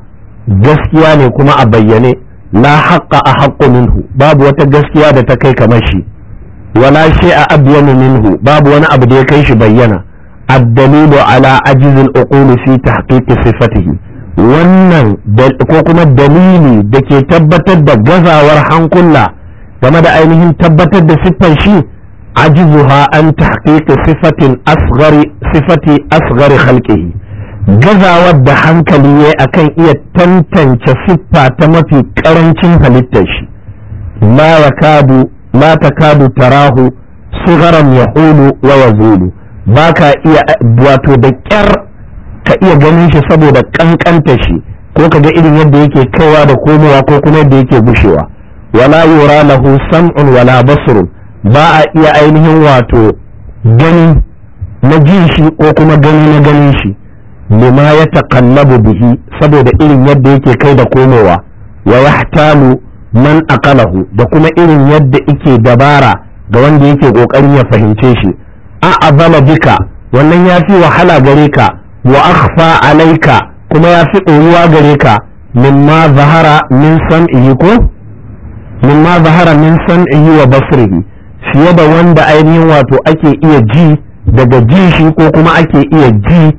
gaskiya ne kuma a bayyane la haqqa a haqqu minhu babu wata gaskiya da ta kai kamar shi wala a abyanu minhu babu wani abu da ya kai shi bayyana addalilu dalilu ala ajizin uquli fi tahqiqi sifatihi wannan ko kuma dalili da ke tabbatar da gazawar hankula game da ainihin tabbatar da siffar shi ajizuha an tahqiqi sifatin asghari sifati asghari khalqihi gazawar da hankali yayi akan iya tantance siffa ta mafi karancin halittar shi la yakadu la takadu tarahu sigaran yahulu wa yazulu baka iya wato da kyar ka iya ganin shi saboda kankanta shi ko ka ga irin yadda yake kaiwa da komowa ko kuma yadda yake gushewa wala yura lahu sam'un wala basr ba a iya ainihin wato gani na ji shi ko kuma gani na ganin shi lima ya taqallabu bihi saboda irin yadda yake kai da komowa wa yahtalu man aqalahu da kuma irin yadda yake dabara ga wanda yake kokarin ya fahimce shi a azama bika wannan yafi wahala gare ka wa akhfa alaika kuma ya fi ɗoruwa gare ka mimma zahara min sam'ihi ko mimma zahara min wa basrihi fiye da wanda ainihin wato ake iya ji daga ji shi ko kuma ake iya ji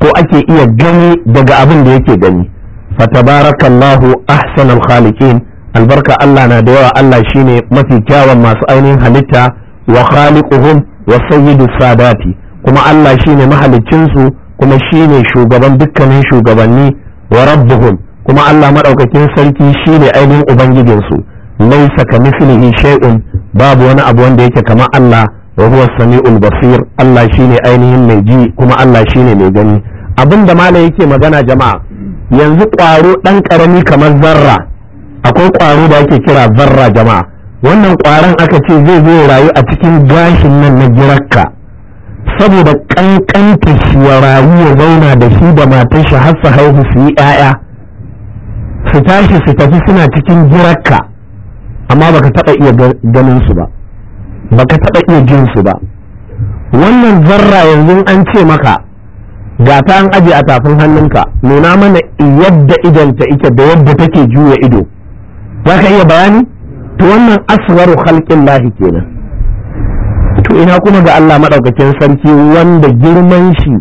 ko ake iya gani daga abin da yake gani fatabarakallahu ahsanal khaliqin albarka Allah na da yawa Allah shine mafi kyawun masu ainihin halitta wa khaliquhum wa sayyidu sadati kuma Allah shine mahaliccin su kuma shine shugaban dukkanin shugabanni wa rabbuhum kuma Allah maɗaukakin sarki shine ainihin ubangijinsu laisa ka mislihi shay'un babu wani abu wanda yake kamar Allah wa huwa samiul basir Allah ne ainihin mai ji kuma Allah shine mai gani abinda malai yake magana jama'a yanzu kwaro dan karami kamar zarra akwai ƙwaro da ake kira zarra jama'a wannan ƙwaron aka ce zai zo rayu a cikin gashin nan na girakka. saboda ƙanƙanta shi wa ya zauna da shi da matan shi har su haihu su yi 'ya'ya su tashi su tafi suna cikin jirarka amma baka taba iya ganin su ba baka taba iya jin su ba wannan zarra yanzu an ce maka ga ta an aje a tafin hannunka nuna mana yadda idanta ita da yadda take juya ido za ka iya bayani to wannan aswaru khalqin lahi kenan to ina kuma ga Allah maɗaukakin sarki wanda girman shi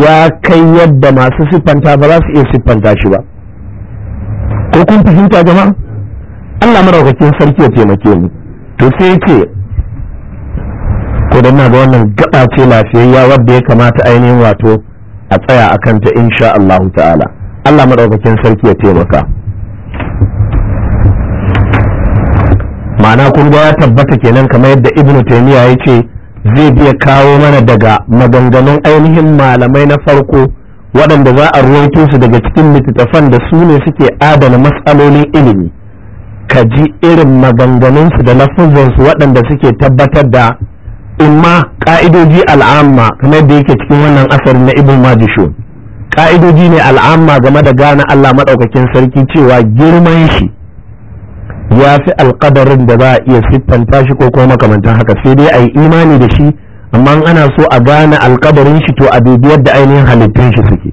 ya kai yadda masu siffanta ba za su iya siffanta shi ba ko kun fahimta jama'a Allah maɗaukakin sarki ya taimake ni, to sai ce ko dan na ga wannan gaba ce lafiyayya wadda ya kamata ainihin wato a tsaya a kanta insha Allah ta'ala Allah maɗaukakin sarki ya taimaka ma'ana kun ga ya tabbata kenan kamar yadda ibnu taymiya ya ce zai biya kawo mana daga maganganun ainihin malamai na farko waɗanda za a ruwaito su daga cikin littattafan da su ne suke adana matsalolin ilimi ka ji irin maganganunsu da su waɗanda suke tabbatar da imma ka'idoji al'amma kamar yadda yake cikin wannan asar na ibn majishun ka'idoji ne al'amma game da gane allah maɗaukakin sarki cewa girman shi ya fi alkadarin da za a iya siffanta shi ko kuma makamantan haka sai dai a yi imani da shi amma ana so a gane alkadarin shi to a dubi yadda ainihin halittun shi suke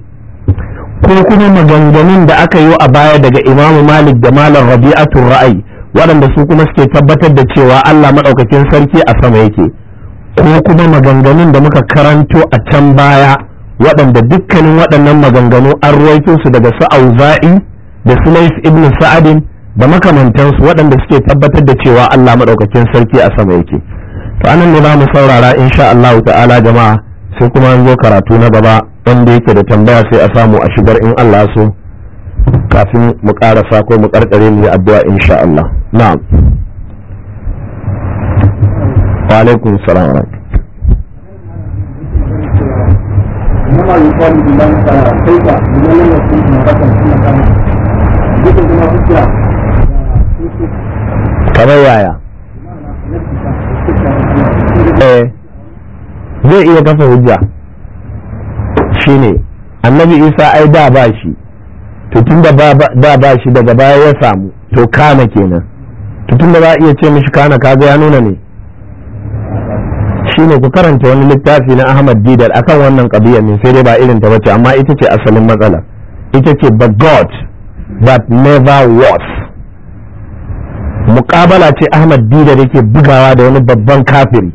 ko kuma maganganun da aka yi a baya daga imamu malik da malam rabi'atul ra'ayi waɗanda su kuma suke tabbatar da cewa allah maɗaukakin sarki a sama yake ko kuma maganganun da muka karanto a can baya waɗanda dukkanin waɗannan maganganu an ruwaito su daga su auza'i da su ibnu sa'adin da makamantansu waɗanda suke tabbatar da cewa Allah maɗaukakin sarki a sama yake to anan ne za mu saurara insha Allah ta'ala jama'a sai kuma an zo karatu na gaba wanda yake da tambaya sai a samu a shigar in Allah so kafin mu karasa ko mu karkare mu yi addu'a insha Allah na'am wa alaikum salam Nama kamar yaya eh, zai iya kafa hujja Shi ne. annabi isa ai da ba shi tutun da ba ba shi daga baya ya samu to kana kenan to da za a iya ce mishi kana kaga ya nuna ne shine ku karanta wani littafi na Ahmad Didar akan wannan kabiyar ne sai dai ba irin ta bace amma ita ce asalin matsala ita ce the god that never was muƙabala ce ahmad dida da ke bugawa da wani babban kafiri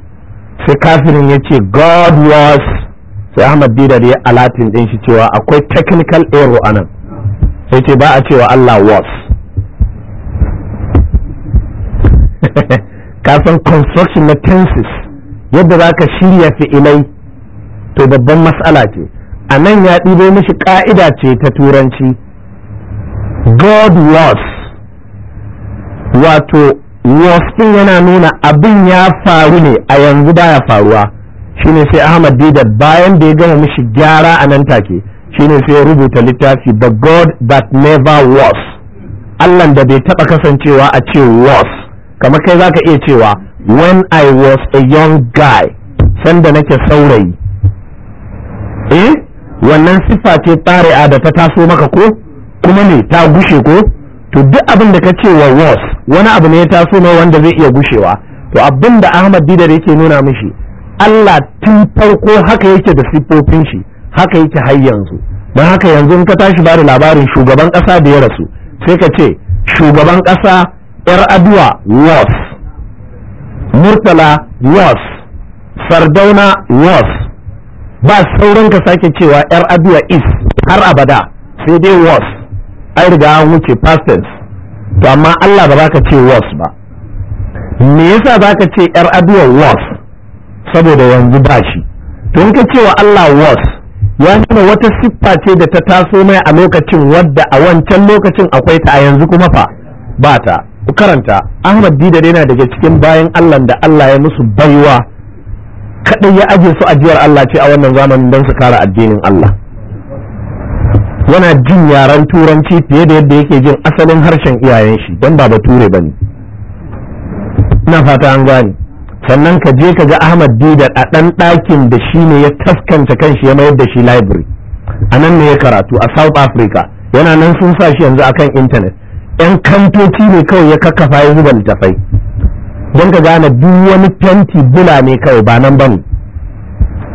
sai kafirin ya ce god was sai ahmad dida da ya alatin ɗin shi cewa akwai technical error anan nan sai ce ba a cewa allah was kasan construction na tenses yadda za ka shirya fi'ilai to babban matsala ce a nan ya ɗibo mishi ƙa'ida ce ta turanci god was wato wasu ɗin yana nuna abin ya faru ne a yanzu baya faruwa shine sai Ahmad Dida bayan da ya gama mishi gyara a nan take shine sai ya rubuta littafi the god that never was Allah da bai taɓa kasancewa a ce was kamar kai zaka iya cewa when I was a young guy sanda nake saurayi eh wannan siffa ce tari'a da ta taso maka ko kuma ne ta gushe ko to duk abin da ka ce wa was wani abu ne ya taso na wanda zai iya gushewa to abin da Ahmad Didar yake nuna mishi Allah tun farko haka yake da siffofin shi haka yake har yanzu don haka yanzu in ka tashi ba da labarin shugaban ƙasa da ya rasu sai ka ce shugaban ƙasa yar aduwa was murtala was sardauna was ba sauran ka sake cewa yar aduwa is har abada sai dai was Ai riga an wuce past to amma Allah ba za ka ce was ba me yasa za ka ce yar aduwar was saboda yanzu ba shi to in ka ce wa Allah was ya nuna wata siffa ce da ta taso mai a lokacin wadda a wancan lokacin akwai ta a yanzu kuma fa ba ta ku karanta Ahmad dida yana daga cikin bayan Allah da Allah ya musu baiwa kaɗai ya aje su ajiyar Allah ce a wannan zamanin don su kara addinin Allah yana jin yaren turanci fiye da yadda yake jin asalin harshen iyayen shi don ba bature ba ne ina fata an gani sannan ka je ka ga ahmad didar a ɗan ɗakin da shi ne ya taskanta kanshi ya mayar da shi library a nan ne ya karatu a south africa yana nan sun sa shi yanzu akan intanet yan kantoci ne kawai ya kakkafa ya zuba littafai don ka gane duk wani fenti bula ne kawai ba nan ba ne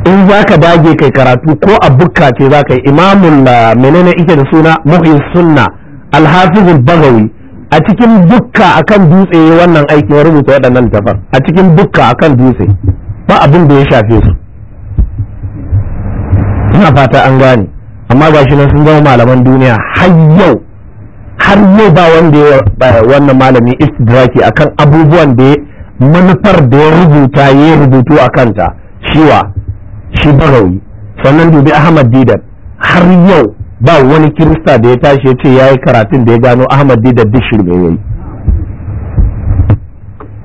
in za ka dage kai karatu ko a bukka ce za ka yi imamul ah, menene ike da suna muhin sunna alhafizul bagawi a cikin bukka akan dutse wannan aikin ya rubuta waɗannan tafar a cikin bukka akan dutse ba abin da ya shafe su ina fata an gane amma ba shi nan sun zama malaman duniya har yau har yau ba wanda ya wannan malami istidraki akan abubuwan da ya manufar da ya rubuta ya rubutu a kanta shiwa shi barawi sannan dubi ahmad didat har yau ba wani kirista da ya tashi ya ce ya yi karatun da ya gano ahmad didat duk shirme ya yi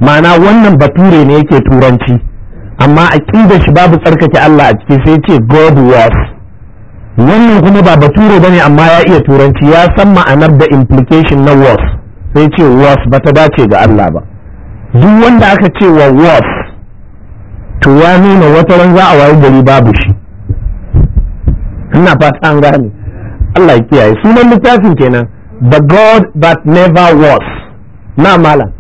ma'ana wannan bature ne yake turanci amma a shi babu tsarkake allah a ciki sai ce god was wannan kuma ba bature bane amma ya iya turanci ya san ma'anar da implication na was sai ce was ba ta dace ga Allah ba duk wanda aka ce wa was to ya nuna wata ran za a wayi gari babu shi ina fata an gane Allah ya kiyaye sunan littafin kenan the god that never was na malam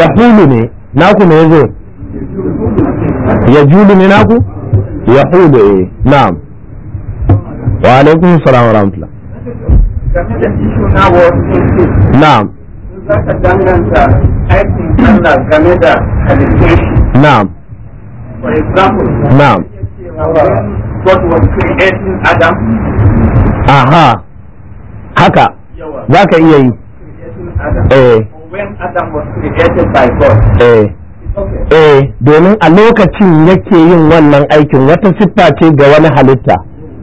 ya hulu ne naku ne yazo julu ne naku hulu ne eh. Na. wa alaikum assalam wa rahmatullah na'am zaka danganta aikin Allah game da halittar shi na'am for example na'am God was creating Adam aha haka za ka iya yi eh. eh eh domin a lokacin yake yin wannan aikin wata siffa ce ga wani halitta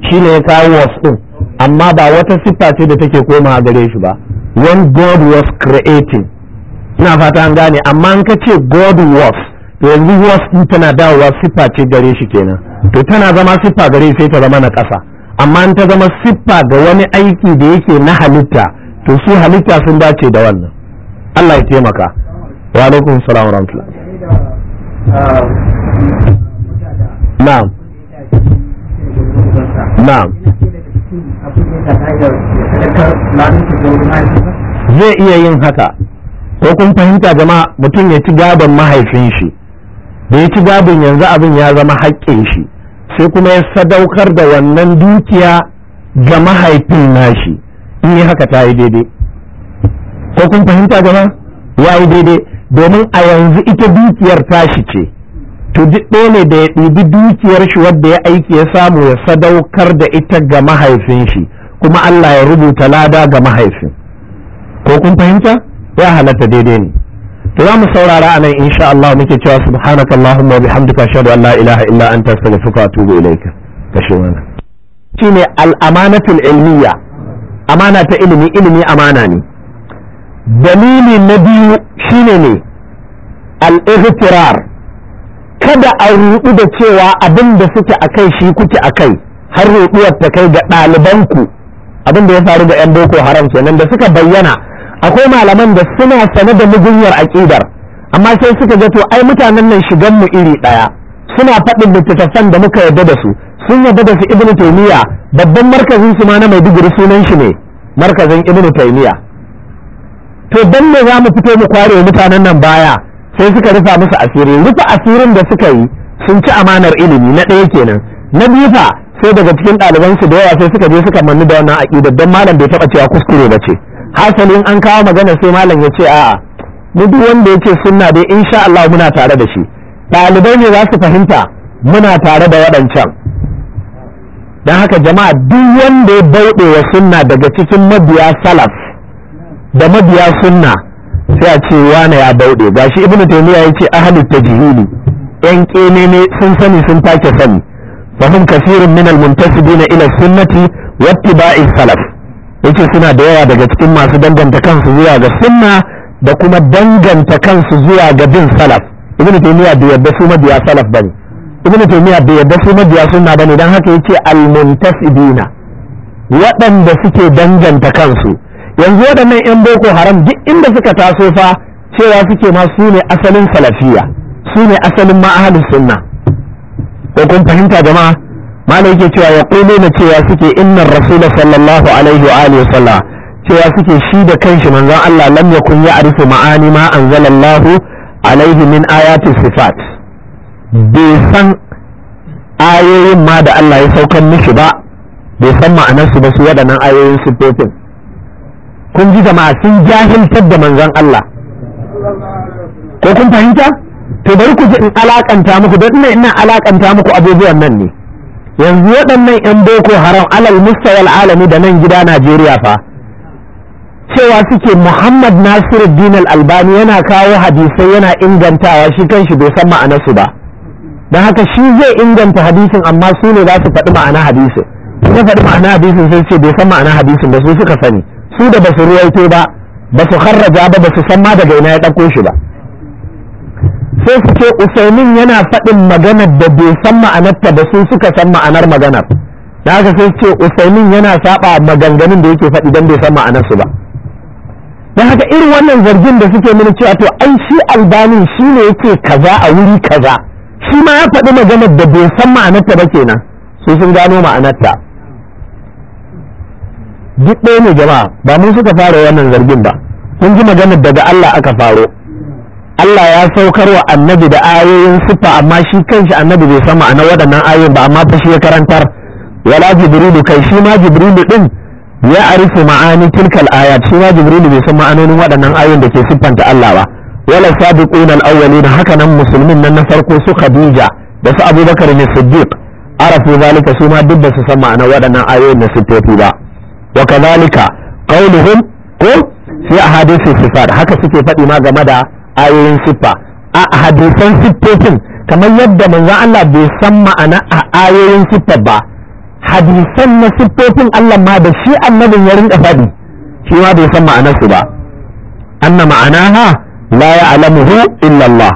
shine ya kawo wasu amma ba wata siffa ce da take koma gare shi ba when god was creating ina fata an gane amma an ka ce god was to yanzu was din tana dawowa siffa ce gare shi kenan to tana zama siffa gare sai ta zama na ƙasa amma an ta zama siffa ga wani aiki da yake na halitta to su halitta sun dace da wannan Allah ya taimaka wa alaikum salam rahmatullah na'am na'am zai iya yin haka ko kun fahimta jama'a mutum ya ci gaban mahaifin shi da ya ci gaban yanzu abin ya zama haƙƙin shi sai kuma ya sadaukar da wannan dukiya ga mahaifin nashi in yi haka ta yi daidai ko kun fahimta jama'a ya yi daidai domin a yanzu ita dukiyar tashi ce to duk ne da ya ɗibi dukiyar shi wadda ya aiki ya samu ya sadaukar da ita ga mahaifin shi kuma Allah ya rubuta lada ga mahaifin ko kun fahimta ya halatta daidai ne to za mu saurara a nan insha Allah muke cewa subhanakallahumma wa bihamdika ashhadu an la ilaha illa anta astaghfiruka wa atubu ilayka kashe mana shine al-amanatul ilmiya amana ta ilimi ilimi amana ne dalili na biyu shine ne al-ihtirar kada a rudu da cewa abin da suke a kai shi kuke a kai har ruduwar ta kai ga ɗalibanku abin da ya faru ga 'yan boko haram kenan da suka bayyana akwai malaman da suna sane da mugunyar aƙidar amma sai suka ga to ai mutanen nan shigan mu iri ɗaya suna faɗin littattafan da muka yarda da su sun yarda da su ibnu taymiya babban markazin su ma na mai digiri sunan shi ne markazin ibnu taymiya to dan me za mu fito mu kware mutanen nan baya sai suka rufa musu asiri rufa asirin da suka yi sun ci amanar ilimi na ɗaya kenan na biyu fa sai daga cikin ɗaliban su da yawa sai suka je suka manni da wannan aƙida don malam bai taɓa cewa kuskure ba ce hasalin an kawo magana sai malam ya ce a'a mu duk wanda ya ce sunna dai insha Allah muna tare da shi ɗalibai ne za su fahimta muna tare da waɗancan don haka jama'a duk wanda ya bauɗe wa sunna daga cikin mabiya salaf da mabiya sunna sai a ce wane ya bauɗe shi ibn taymiya yace ahli tajhili yan kene ne sun sani sun take sani fa hum kasirun min al muntasibin ila sunnati wa ittiba'i salaf yace suna da yawa daga cikin masu danganta kansu zuwa ga sunna da kuma danganta kansu zuwa ga bin salaf ibn taymiya bai yadda su biya salaf bane ibn taymiya bai yadda su biya sunna bane dan haka yace al muntasibina waɗanda suke danganta kansu yanzu waɗannan 'yan boko haram duk inda suka taso fa cewa suke ma su ne asalin salafiya su ne asalin ma ahalin sunna ko kun fahimta jama'a malai yake cewa ya na cewa suke innan rasula sallallahu alaihi wa alihi sallam cewa suke shi da kanshi manzon Allah lam yakun ya arifu ma'ani ma anzalallahu alaihi min ayati sifat bai san ayoyin ma da Allah ya saukar mishi ba bai san ma'anarsu ba su waɗannan ayoyin siffofin kun ji jama'a sun jahiltar da manzon Allah ko kun fahimta to bari ku ji in alakanta muku don ina ina alakanta muku abubuwan nan ne yanzu waɗannan 'yan boko haram alal mustawal alami da nan gida Najeriya fa cewa suke Muhammad Nasiruddin Al-Albani yana kawo hadisai yana ingantawa shi kanshi bai san su ba don haka shi zai inganta hadisin amma su ne za su faɗi ma'ana hadisin ya faɗi ma'ana hadisin sai ce bai san ma'ana hadisin ba su suka sani su da basu ruwaito ba basu harraja ba basu san ma daga ina ya ɗauko shi ba sai su ce usaimin yana faɗin maganar da bai san ma'anarta ba su suka san ma'anar maganar da haka sai su ce usaimin yana saba maganganun da yake faɗi don bai san ma'anarsu ba Da haka irin wannan zargin da suke mini cewa to ai shi albanin shi ne yake kaza a wuri kaza shi ma ya faɗi maganar da bai san ma'anarta ba kenan su sun gano ma'anarta duk ɗaya ne jama'a ba mun suka fara wannan zargin ba mun ji maganar daga Allah aka faro Allah ya saukar wa annabi da ayoyin siffa amma shi kanshi annabi bai san ma'ana waɗannan ayoyin ba amma fa shi ya karantar wala jibrilu kai shi ma jibrilu din ya arifu ma'ani tilkal ayat shi ma jibrilu bai san ma'anonin waɗannan ayoyin da ke siffanta Allah ba wala sabiquna al-awwalina haka nan musulmin nan na farko su Khadija da su Abubakar ne Siddiq arafu zalika su ma duk da su san ma'ana waɗannan ayoyin na siffofi ba wa kadhalika qauluhum ko fi ahadisi sifat haka suke faɗi ma game da ayoyin siffa a hadisan siffofin kamar yadda manzon Allah bai san ma'ana a ayoyin siffa ba hadisan na siffofin Allah ma da shi annabin ya rinka faɗi shi ma bai san ma'anarsu ba anna ma'anaha la ya'lamuhu illa Allah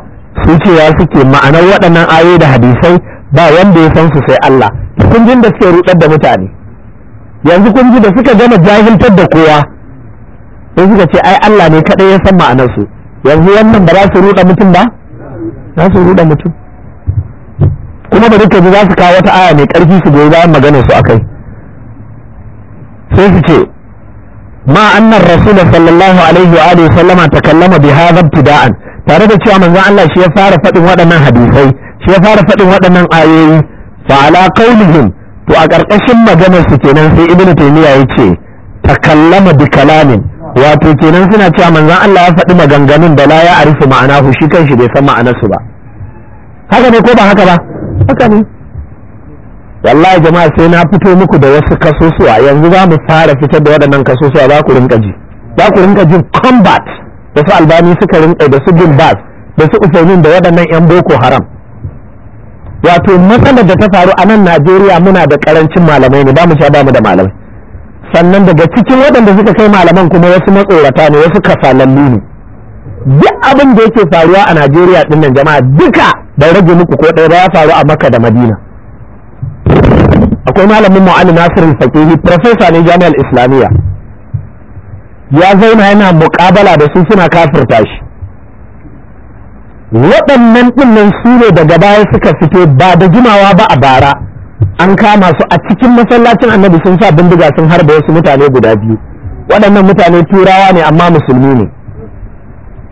su cewa suke ma'anar waɗannan ayoyi da hadisai ba wanda ya san su sai Allah sun jin da suke rudar da mutane yanzu kun ji da suka gama jahiltar da kowa sai suka ce ai Allah ne kadai ya san ma'anar su yanzu wannan ba za su ruda mutum ba za su ruda mutum kuma ba duka ji za su kawo wata aya mai karfi su goyi bayan maganar su akai sai su ce ma annar rasul sallallahu alaihi wa alihi sallama takallama bi hadha ibtida'an tare da cewa manzon Allah shi ya fara faɗin waɗannan hadisai shi ya fara faɗin waɗannan ayoyi fa ala qaulihim to a ƙarƙashin maganar su kenan sai ibnu taymiya ta takallama bi kalamin wato kenan suna cewa manzon Allah ya faɗi maganganun da la ya arifu ma'anahu shi kanshi bai san ma'anarsu ba haka ne ko ba haka ba haka ne wallahi jama'a sai na fito muku da wasu kasusuwa yanzu za mu fara fitar da waɗannan kasusuwa za ku rinka ji za ku rinka jin combat da su albani suka rinka da su bin da su usaimin da waɗannan yan boko haram wato matsalar da ta faru a nan najeriya muna da karancin malamai ne ba mu sha ba mu da malamai sannan daga cikin waɗanda suka kai malaman kuma wasu matsorata ne wasu kasalallu ne duk abin da yake faruwa a najeriya ɗin nan jama'a duka da rage muku ko ɗaya ba ya faru a makka da madina akwai malamin mu'ani nasirin fakihi profesa ne jami'ar islamiyya ya zauna yana mukabala da su suna kafirta shi waɗannan ɗinnan su ne daga baya suka fito ba da jimawa ba a bara an kama su a cikin masallacin annabi sun sa bindiga sun harba wasu mutane guda biyu waɗannan mutane turawa ne amma musulmi ne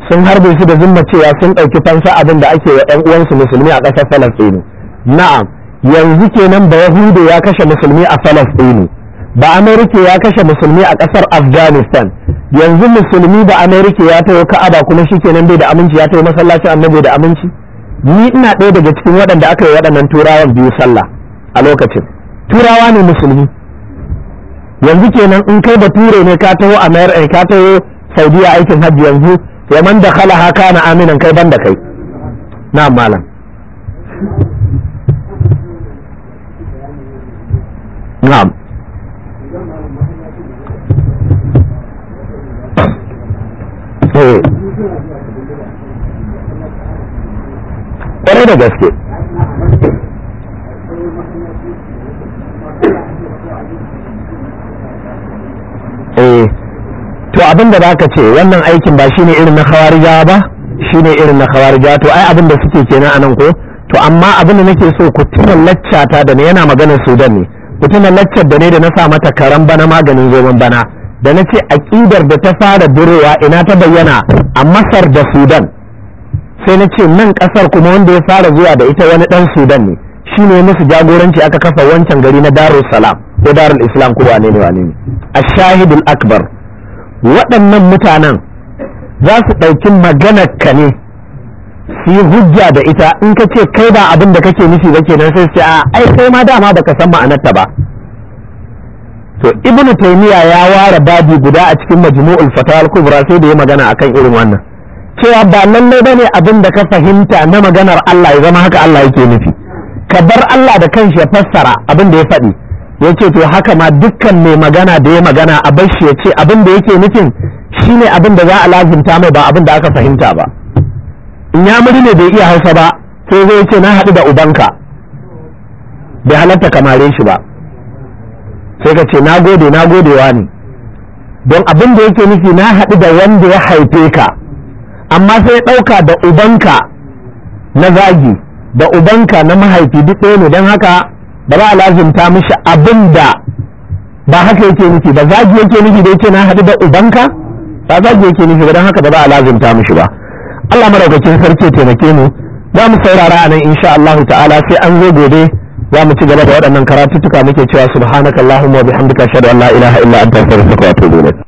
sun harbe su da zumma cewa sun ɗauki fansa abin da ake wa ɗan uwansu musulmi a ƙasar falastini na'am yanzu kenan ba yahudu ya kashe musulmi a falastini ba amurka ya kashe musulmi a ƙasar afghanistan yanzu musulmi da amerika ya tayo ka'aba kuma shikenan bai da aminci ya tayo masallacin annabi da aminci ni ina ɗaya daga cikin waɗanda aka yi waɗannan turawan biyu sallah a lokacin turawa ne musulmi yanzu kenan in kai Ture ne ka taho amerika eh, ka taho saudiya aikin hajji yanzu ya man da kala haka na aminan kai ban da kai na malam na'am Eh. da gaske eh. to abin da baka ce wannan aikin ba shine irin na khawarija ba shine irin na khawarija to ai abin da suke kenan anan ko to amma abin da nake so ku tuna lacca ta da ne yana magana Sudan ne ku tuna laccar da ne da na sa mata karan bana maganin zoman bana da na ce aƙidar da ta fara birowa ina ta bayyana a masar da sudan sai na ce nan ƙasar kuma wanda ya fara zuwa da ita wani ɗan sudan ne shi ne musu jagoranci aka kafa wancan gari na darul salam ko darul islam ko wane ne wane ne a shahidul akbar waɗannan mutanen za su ɗauki maganar ka ne su yi hujja da ita in ka ce kai ba abin da kake nufi ba kenan sai sai a ai kai ma dama baka san ma'anarta ba to ibnu taymiya ya ware babi guda a cikin majmu'ul fatawa kubra sai da ya magana akan irin wannan cewa ba lallai bane abin da ka fahimta na maganar Allah ya zama haka Allah yake nufi ka bar Allah da kanshi ya fassara abin da ya faɗi yace to haka ma dukkan mai magana da ya magana a bashi ya ce abin da yake nufin shine abin da za a lazimta mai ba abin da aka fahimta ba in ya muri ne bai iya hausa ba sai zai ce na haɗu da ubanka bai halatta kamare shi ba sai ka ce na gode na gode wa ne don abin da yake nufi na haɗu da wanda ya haife ka amma sai ɗauka da ubanka na zagi da ubanka na mahaifi duk ɗaya ne don haka ba za a lazimta mishi abin da ba haka yake nufi ba zagi yake nufi da yake na haɗu da ubanka ba zagi yake nufi ba don haka ba za a lazimta mishi ba Allah madaukakin sarki taimake mu za mu saurara a nan insha Allah ta'ala sai an zo gobe za mu ci gaba da waɗannan karatuttuka muke cewa subhanakallahumma wa bihamdika ashhadu an la ilaha illa anta astaghfiruka wa atubu ilayk